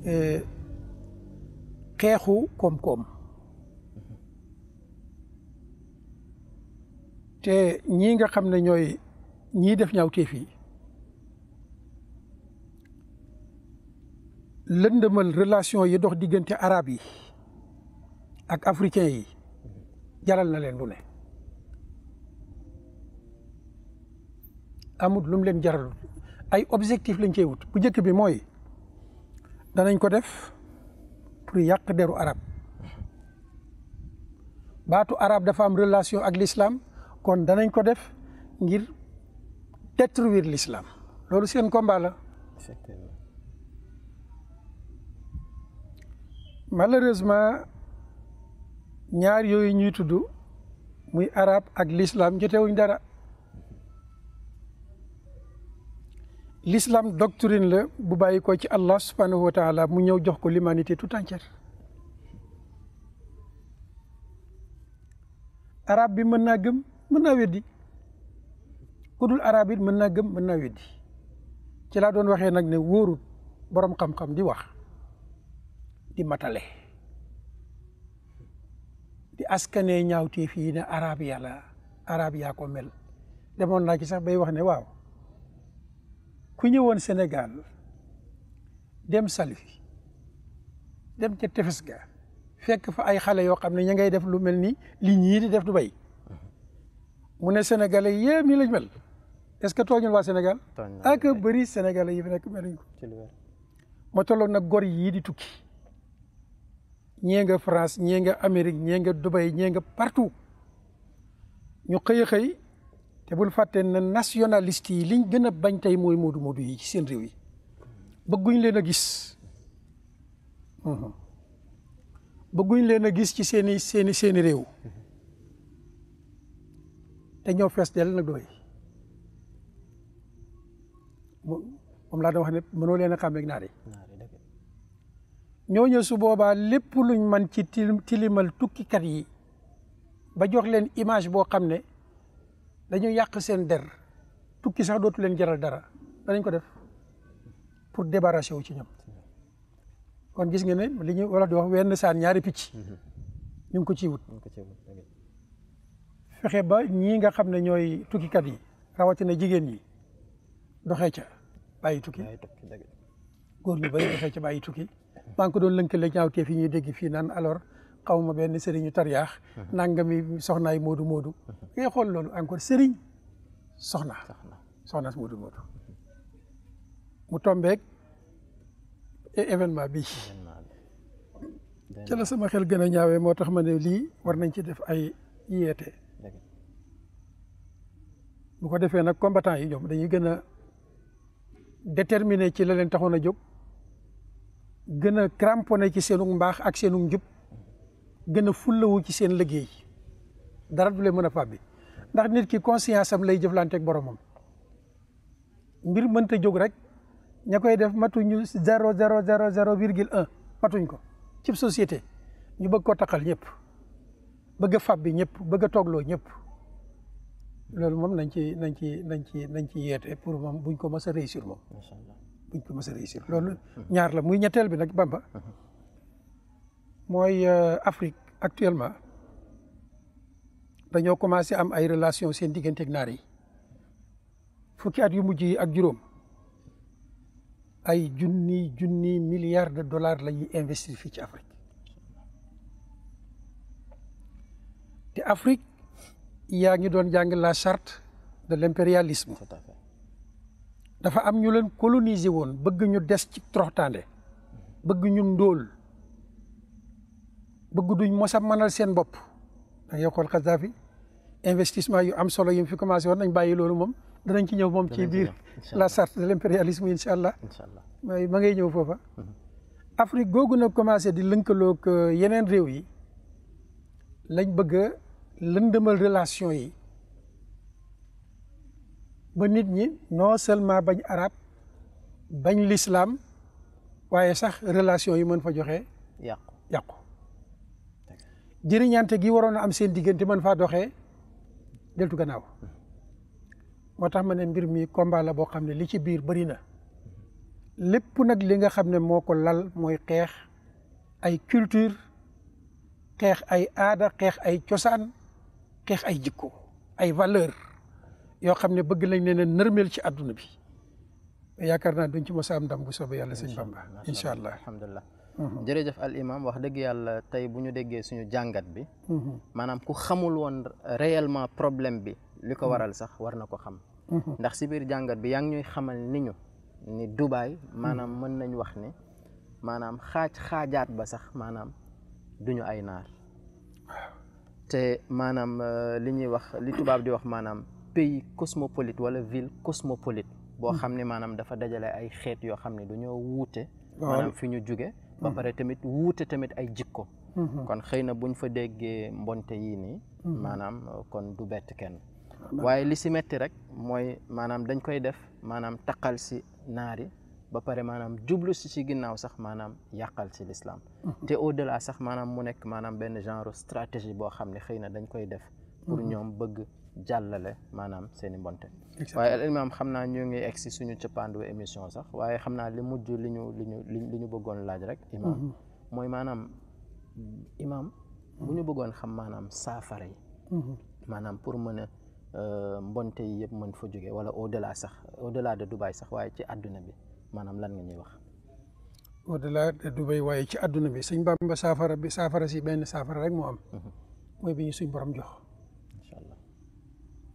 Eh, xeexu koom-koom te ñii nga xam ne ñooy ñii def ñaaw téef yi lëndëmal relation yi dox diggante arab yi ak africain yi jaral na leen lu ne amut lum leen jaral ay objectif lañ cee wut bu njëkk bi mooy danañ ko def lu yàq deru arab baatu arab dafa am relation ak l'islam kon danañ ko def ngir détruire l'islam loolu seen combat la malheureusement ñaar yooyu ñuy tudd muy arab ak l'islam jotewuñ dara l'islam doctrine la bu bàyyi ko ci Allah subhanahu wa taala mu ñëw jox ko l'humanité tout entière arab bi mën na gëm mën naa weddi kudul dul mën na gëm mën naa weddi ci laa doon waxee nag ne wóorut boroom xam-xam di wax di matale di askanee ñaawtee fii ne arab la arab yaa ko mel demoon naa ci sax bay wax ne waaw ku ñëwoon Sénégal dem salu dem ca tefes ga fekk fa ay xale yoo xam ne ña ngay def lu mel ni li ñii di def du bay mu ne sénégalais yëpp nii lañ mel est-ce que tooñul waa Sénégal ak bëri sénégalais yi fi nekk meluñ ko ma tolloon nag gor yii di tukki ñee nga France ñee nga Amérique ñee nga Dubaï ñee nga partout ñu xëy xëy te bul fàtte na nationaliste yi liñ gën a bañ tey mooy moodu moodu yi ci seen réew yi bëgguñ leen a gis mhm. bëgguñ leen a gis ci seeni seeni seeni réew te ñoo festel na nag dooy moom laa da wax ne mënoo leen a xam naa naari ñooñu su boobaa lépp luñ man ci tilimal tukkikat yi ba jox leen image boo xam ne dañu yàq seen der tukki sax dootu leen jaral dara danañ ko def pour débarrasser wu ci ñoom kon gis nga ne li ñu wala di wax wenn saan ñaari picc ñu ngi ko ciy wut fexe ba ñii nga xam ne ñooy tukkikat yi rawatina jigéen ñi doxee ca yi tukki góor ñu bari doxee ba bàyyi tukki maa ngi ko doon lënkale ñaaw teef yi ñuy dégg fii naan alors xaw ma be benn sëriñu tariyaax uh-huh. nangami soxnaay moodu moodu uh-huh. ngay xool loolu encore sëriñ soxna soxna moodu moodu mu tombeeg événement bi ci la sama xel gën a ñaawee moo tax ma ne lii war nañ ci def ay yeete bu ko defee nag combattant yi ñoom dañuy gën a déterminé ci la leen taxoon a jóg gën a cramponné ci seenu mbaax ak seenu njub gën a fullawu ci seen liggéey dara du leen mën a pàbbi ndax nit ki conscience am lay jëflanteeg boromam mbir mënta jóg rek ña koy def matuñu zéro zéro zéro zéro virgule un matuñ ko cib société ñu bëgg ko taqal ñëpp bëgg a fàbbi ñëpp bëgg a toogloo ñëpp loolu moom nañ ci nañ ci nañ ci nañ ci yeete pour moom buñ ko mës a réussir moom. macha allah buñ ko mës ñaar la muy ñetteel bi nag Bamba. mooy euh, Afrique actuellement dañoo commencé am ay relation seen digganteeg naar yi fukki at yu mujj yi ak juróom ay junni junni milliards de dollars la ñuy investir fii ci Afrique te Afrique yaa ngi doon jàng la charte de l'impérialisme dafa am ñu leen coloniser woon bëgg ñu des ci troxtaande bëgg ñu ndóol bëgg duñ mos a mënal seen bopp da ngay xool Kadhafi investissement yu am solo yi fi commencé woon nañ bàyyi loolu moom danañ ci ñëw moom ci biir la charte de l'impérialisme incha allah may ma ngay ñëw foofa mm-hmm. Afrique googu nag commencé di lënkaloog euh, yeneen réew yi lañ bëgg a lëndëmal relation yi ba nit ñi non seulement bañ arab bañ l'islam waaye sax relation yi mën fa joxe yàqu yàqu jëriñante gi waroon a am seen diggante mën faa doxee deltu gannaaw moo tax ma ne mbir mi combat la boo xam ne li ci biir bëri na lépp nag li nga xam ne moo ko lal mooy xeex ay culture xeex ay aada xeex ay cosaan xeex ay jikko ay valeur yoo xam ne bëgg lañ ne ne nërmeel ci àdduna bi yaakaar naa duñ ci mos a am ndam bu soobee yàlla sëñ Bamba incha allah alhamdulilah Uh-huh. jërëjëf al imam wax dëgg yàlla tey bu ñu déggee suñu jàngat bi uh-huh. maanaam ku xamul woon réellement problème bi li ko uh-huh. waral sax war na ko xam ndax si biir jàngat bi yaa ngi ñuy xamal ni ñu ni Dubaay maanaam mën nañ wax ni maanaam xaaj xaajaat ba sax maanaam duñu ay naar te maanaam euh, li ñuy wax li tubaab di wax maanaam pays cosmopolite wala ville cosmopolite boo xam ne maanaam dafa dajale ay xeet yoo xam ne dañoo wuute maanaam fi ñu jóge ba hmm. tamit wuute tamit ay jikko hmm. kon xëy na buñ fa déggee mbonte yii nii hmm. maanaam euh, kon du bett kenn ah, waaye li si metti rek mooy maanaam dañ koy def maanaam taqal si naari ba pare maanaam jublu si si ginnaaw sax maanaam yàqal si l'islam te au sax maanaam mu nekk maanaam benn genre stratégie boo xam ne xëy na dañ koy def pour mhm. ñoom bëgg jàllale maanaam seen i mbonte waaye al imaam xam naa ñu ngi egg si suñu cëppaandu émission sax waaye xam naa li mujj lu ñu lu ñu lu ñu bëggoon laaj rek imaam mhm. mooy maanaam imaam bu ñu bëggoon xam maanaam saafara yi mhm. maanaam pour mën a euh, mbonte yi yëpp mën fa jóge wala au delà sax au delà de Dubaï sax waaye ci àdduna bi maanaam lan nga ñuy wax au delà de Dubaï waaye ci àdduna bi sëñ ba saafara bi saafara si benn saafara rek moo am mooy bi suñ borom jox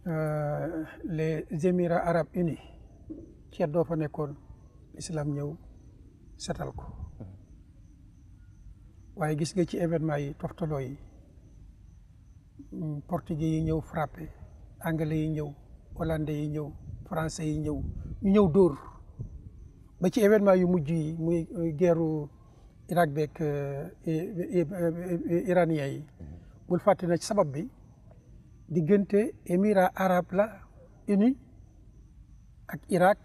les émirats arabes unis ceddoo fa nekkoon islam ñëw setal ko waaye gis nga ci événement yi toftaloo yi portugais yi ñëw frappé anglais yi ñëw hollandais yi ñëw français yi ñëw ñëw dóor ba ci événement yu mujj yi muy guerru Irak beeg iranien yi bul fàtte na ci sabab bi diggante émirat arabe la uni ak Irak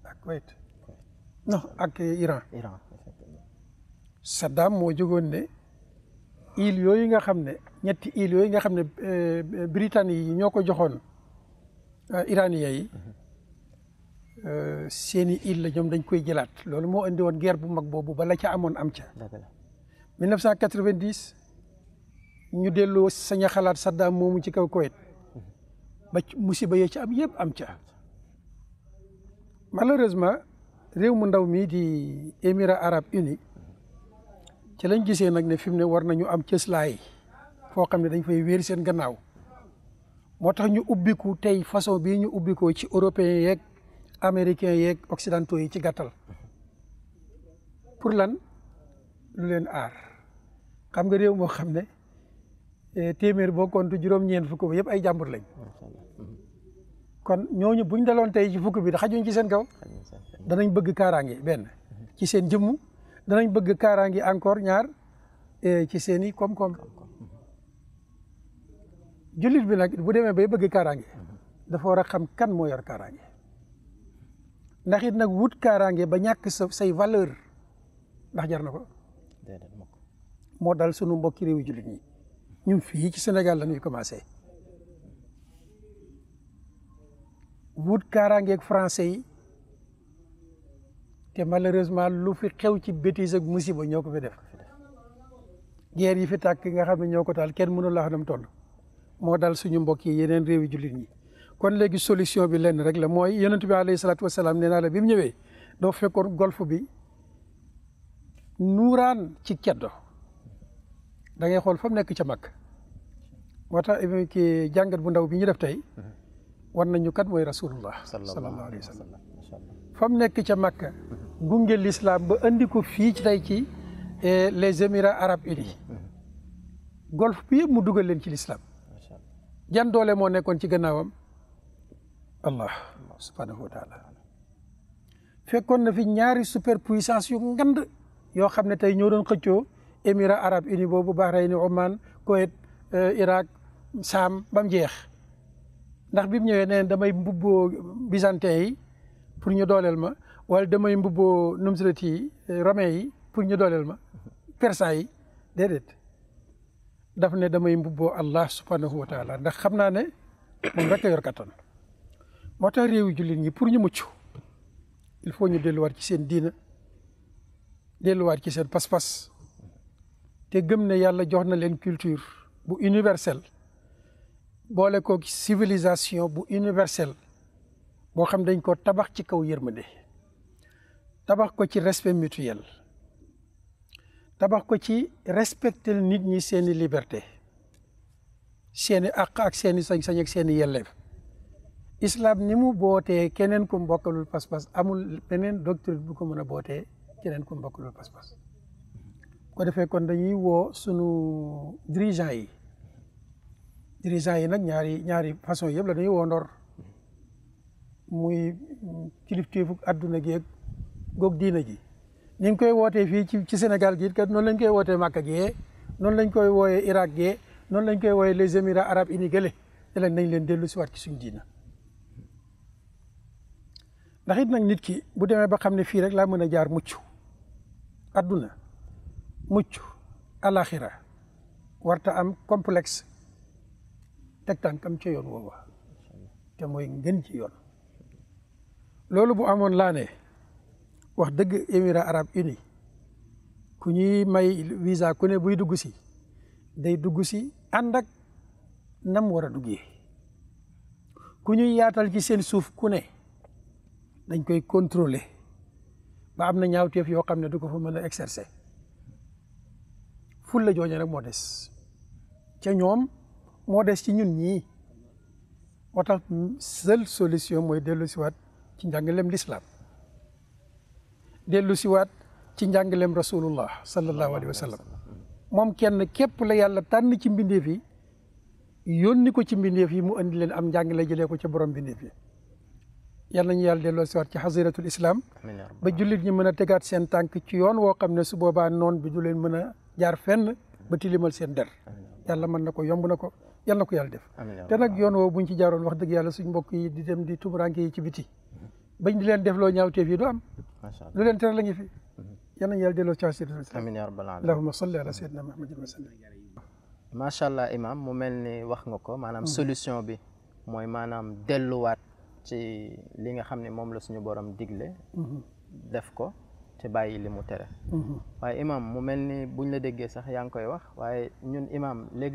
ak Kuwait non ak Iran Iran Saddam moo jógoon ne île yooyu nga xam ne ñetti île yooyu nga xam ne euh, euh, Britanniques yi ñoo ko joxoon euh, iran yi seeni île la ñoom dañ koy jëlaat loolu moo indi woon guerre bu mag boobu bala ca amoon am ca 1990 ñu delloo sañ a xalaat Saddam moomu ci kaw Koweït ba musiba yee ci am yëpp am ca malheureusement réew mu ndaw mii di Émirats arabes uni ci lañ gisee nag ne fi mu ne war nañu am cëslaay foo xam ne dañ fay wéer seen gannaaw moo tax ñu ubbiku tey façon bii ñu ubbikoo ci européens yeeg américains yeeg occidentaux yi ci gàttal pour lan lu leen aar xam nga réew moo xam ne Eh, téeméer boo kontu juróom-ñeent fukk ba yëpp ay jàmbur lañ mm-hmm. kon ñooñu buñ daloon tey ci fukk bi xajuñ ci seen kaw danañ bëgg kaaraange benn mm-hmm. ci seen jëmm danañ bëgg kaaraange encore ñaar eh, ci seeni i koom mm-hmm. jullit bi nag bu demee bay bëgg kaaraange dafa war a xam kan moo yor kaaraange ndax nag wut kaaraange ba ñàkk sa say valeur ndax jar na ko moo dal sunu mbokki réewu jullit ñi ñun fii ci Sénégal la ñuy commencé wut kaaraa français yi te malheureusement lu fi xew ci bêtise ak musiba ñoo ko fi def guerre yi fi tàkk nga xam ne ñoo ko taal kenn mënul la xam toll moo dal suñu mbokk yi yeneen réew yi jullit ñi kon léegi solution bi lenn rek la mooy yeneen bi alayhi salaatu wasalaam nee la bi mu ñëwee doo fekkoon golf bi nuuraan ci ceddo da ngay xool fa mu nekk ca mag moo tax kii jàngat bu ndaw bi ñu def tey war nañu kat mooy rasulullah sallallahu alayhi wa sallam fa mu nekk ca Makka gunge lislaam ba andi ko fii ci tey ci eh, les émirats arabes unis golf bi mu dugal leen ci l'islam jan doole moo nekkoon ci gannaawam allah subhanahu wa taala fekkoon na fi ñaari superpuissance yu ngand yoo xam ne tey ñoo doon xëccoo émirat arabe uni boobu Bahrain Oman Koweït euh, Irak Saam ba mu jeex ndax bi mu ñëwee nee damay mbubboo byzantin yi pour ñu dooleel ma wala damay mbubboo num silat yi euh, romain yi pour ñu dooleel ma persa yi déedéet daf ne damay mbubboo allah subhanahu wa taala ndax xam naa ne moom rek a yor kattan moo tax réewi jullit ñi pour ñu mucc il faut ñu delluwaat ci seen diina delluwaat ci seen pas-pas te gëm na yàlla jox na leen culture bu universelle boole ko civilisation bu universelle boo xam dañ ko tabax ci kaw yërmande tabax ko ci respect mutuel tabax ko ci respecter nit ñi seeni liberté seeni àq ak seeni sañ-sañ ak seeni yelleef islam ni mu bootee keneen ku mbokkalul pas-pas amul beneen doctrine bu ko mën a bootee keneen ku mbokkalul pas-pas ko defee kon dañuy woo sunu dirigeant yi dirigeant yi nag ñaari ñaari façon yëpp la dañuy woo Ndor muy kilifteefu adduna gi ak goog diina ji ni ñu koy wootee fii ci ci Sénégal gi it kat noonu lañ koy wootee Màkka gee noonu lañ koy wooyee Irak gee noonu lañ koy wooyee les Émirats arabes unis gële te leen nañ leen dellu siwaat ki suñu diina ndax it nag nit ki bu demee ba xam ne fii rek laa mën a jaar mucc adduna mucc alaxira warta am complex teg tànkam ca yoon woowa te mooy ngën ci yoon loolu bu amoon laa ne wax dëgg émirats arab uni ku ñuy may visa ku ne buy dugg si day dugg si ànd nam war a duggee ku ñuy yaatal ci seen suuf ku ne dañ koy contrôler ba am na ñaawteef yoo xam ne du ko fa mën a exercer ful la jooja rek moo des ca ñoom moo des ci ñun ñii moo tax seule solution mooy dellu siwaat ci njàngaleem lislaam dellu siwaat ci njàngaleem rasulullah sallallahu alayhi wa sallam moom kenn képp la yàlla tànn ci mbindeef yi yónni ko ci mbindeef yi mu andi leen am njàngale jëlee ko ci borom mbindeef yi yàlla ñu yàlla delloo siwaat ci xasiratul islam ba jullit ñi mën a tegaat seen tànk ci yoon woo xam ne su boobaa noon bi du leen mën a jaar fenn ba tilimal seen der yàlla mën na ko yomb na ko yal ku ko yàlla def te nag yoon woo buñ ci jaaroon wax dëgg yàlla suñ mbokk yi di dem di tumuranke yi ci biti bañ di leen defloo ñaawteef yi du am lu leen tere la ngi fi mhm. yal nañu yàlla delloo ci sayyidina amiin yaa rabbal aalamiin allahumma salli ala sayyidina muhammadin wa sallam macha allah imam mu mel ni wax nga ko maanaam mhm. solution bi mooy maanaam delluwaat ci li nga xam ne moom la suñu booram digle mhm. def ko te bàyyi li mu tere mhm. waaye imaam mu mel ni buñ la déggee sax yaa ngi koy wax waaye ñun imaam léeg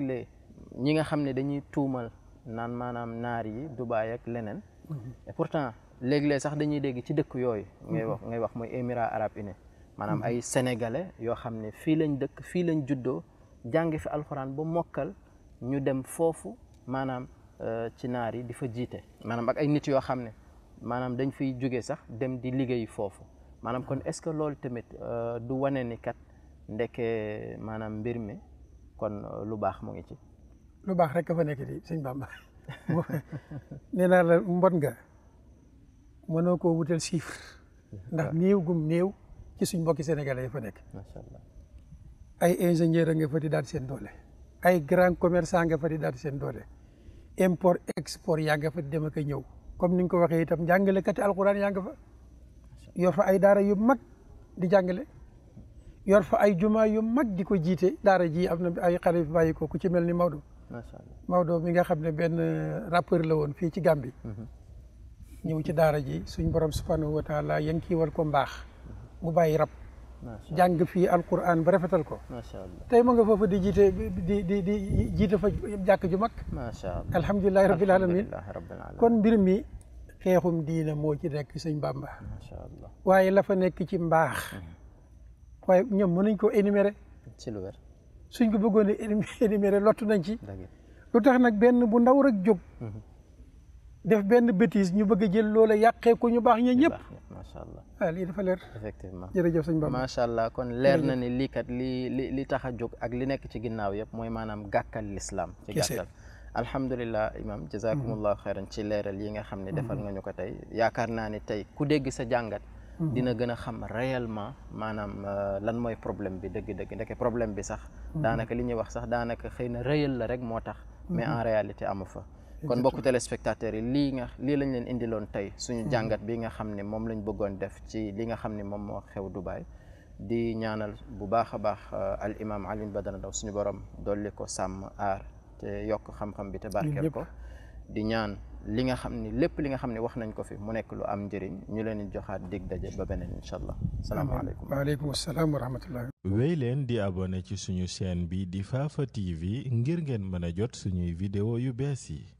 ñi nga xam ne dañuy tuumal naan maanaam naar yi Dubaay ak leneen mhm. et pourtant léeg sax dañuy dégg ci dëkk yooyu ngay mhm. wax ngay wax mooy émirats arabes unis maanaam ay sénégalais yoo xam ne fii lañ dëkk fii lañ juddoo jàng fi alxuraan ba mokkal ñu dem foofu maanaam euh, ci naar yi di fa jiite maanaam ak ay nit yoo xam ne maanaam dañ fiy jóge sax dem di liggéey foofu maanaam kon est-ce que loolu tamit euh, du wanee ni kat ndeke maanaam mbir mi kon euh, lu baax mu ngi lu baax rek ka fa nekk di sëñ Bamba [laughs] nee la mbot nga mënoo ko wutal chiffre. ndax néew gum néew ci suñ mbokki sénégalais yi fa nekk. macha allah ay ingénieur nga fa di daal seen doole. ay grand a nga fa di daal seen doole. import export yaa nga fa di dem a ñëw comme ni nga ko waxee itam jàngalekati alxuraan yaa nga fa. yor fa ay daara yu mag di jàngale yor fa ay jumaa yu mag di ko jiite daara ji am na ay xale fi bàyyi ko ku ci mel ni Maodo. macha allah Maodo mi nga xam ne benn rappeur la woon fii ci Gambie. Mm-hmm. ñëw ci daara ji suñ borom subhanahu wa taala yan kii war ko mbaax mu bàyyi rab. jàng fii alquran ba rafetal ko. macha tey ma nga foofa di jiite di di di jiite fa jàkk ju mag. macha allah alhamdulilah alamin kon mbir mi. xeexum diina moo ci nekk sëñ Bàmba waaye lafa fa nekk ci mbaax mhm. waaye ñoom mënuñ ko énumérer ci lu wér suñ ko bëggoon a [laughs] énumérer lottu nañ ci lu tax nag benn bu ndaw rek jóg mhm. def benn bêtise ñu bëgg a jël loola yàqee ko ñu baax ñu ñëpp macha allah lii dafa leer effectivement jërëjëf sëñ Bamba macha allah kon leer na ni lii li li li tax a jóg ak li nekk ci ginnaaw yëpp mooy maanaam gàkkal lislaam ci gàttal alhamdulilah imam jazakumullahu xayran ci leeral yi nga xam ne defal nga ñu ko tey yaakaar naa ne tey ku dégg sa jàngat mhm. dina gën a xam réellement maanaam euh, lan mooy problème bi dëgg-dëgg ndeke problème bi sax mhm. daanaka li ñuy wax sax daanaka xëy na réyal la rek moo tax mais en mhm. réalité amu fa kon mbokku téléspectateurs yi lii nga lii lañ leen indiloon tey suñu jàngat bi nga xam ne moom lañ bëggoon def ci li nga xam ne moom moo xew Dubaay di ñaanal bu baax a baax euh, al imam Alioune Badara Ndao suñu borom dolli ko sàmm aar te yokk xam-xam bi te barkeel ko di ñaan li nga xam ni lépp li nga xam ne wax nañ ko fi mu nekk lu am njëriñ ñu leen di joxaat dig daje ba beneen incha allah salaamaaleykum waaleykum salaam wa rahmatullah wéy leen di abonné ci suñu chaîne bi di Fafa TV ngir ngeen mën a jot suñuy vidéo yu bees yi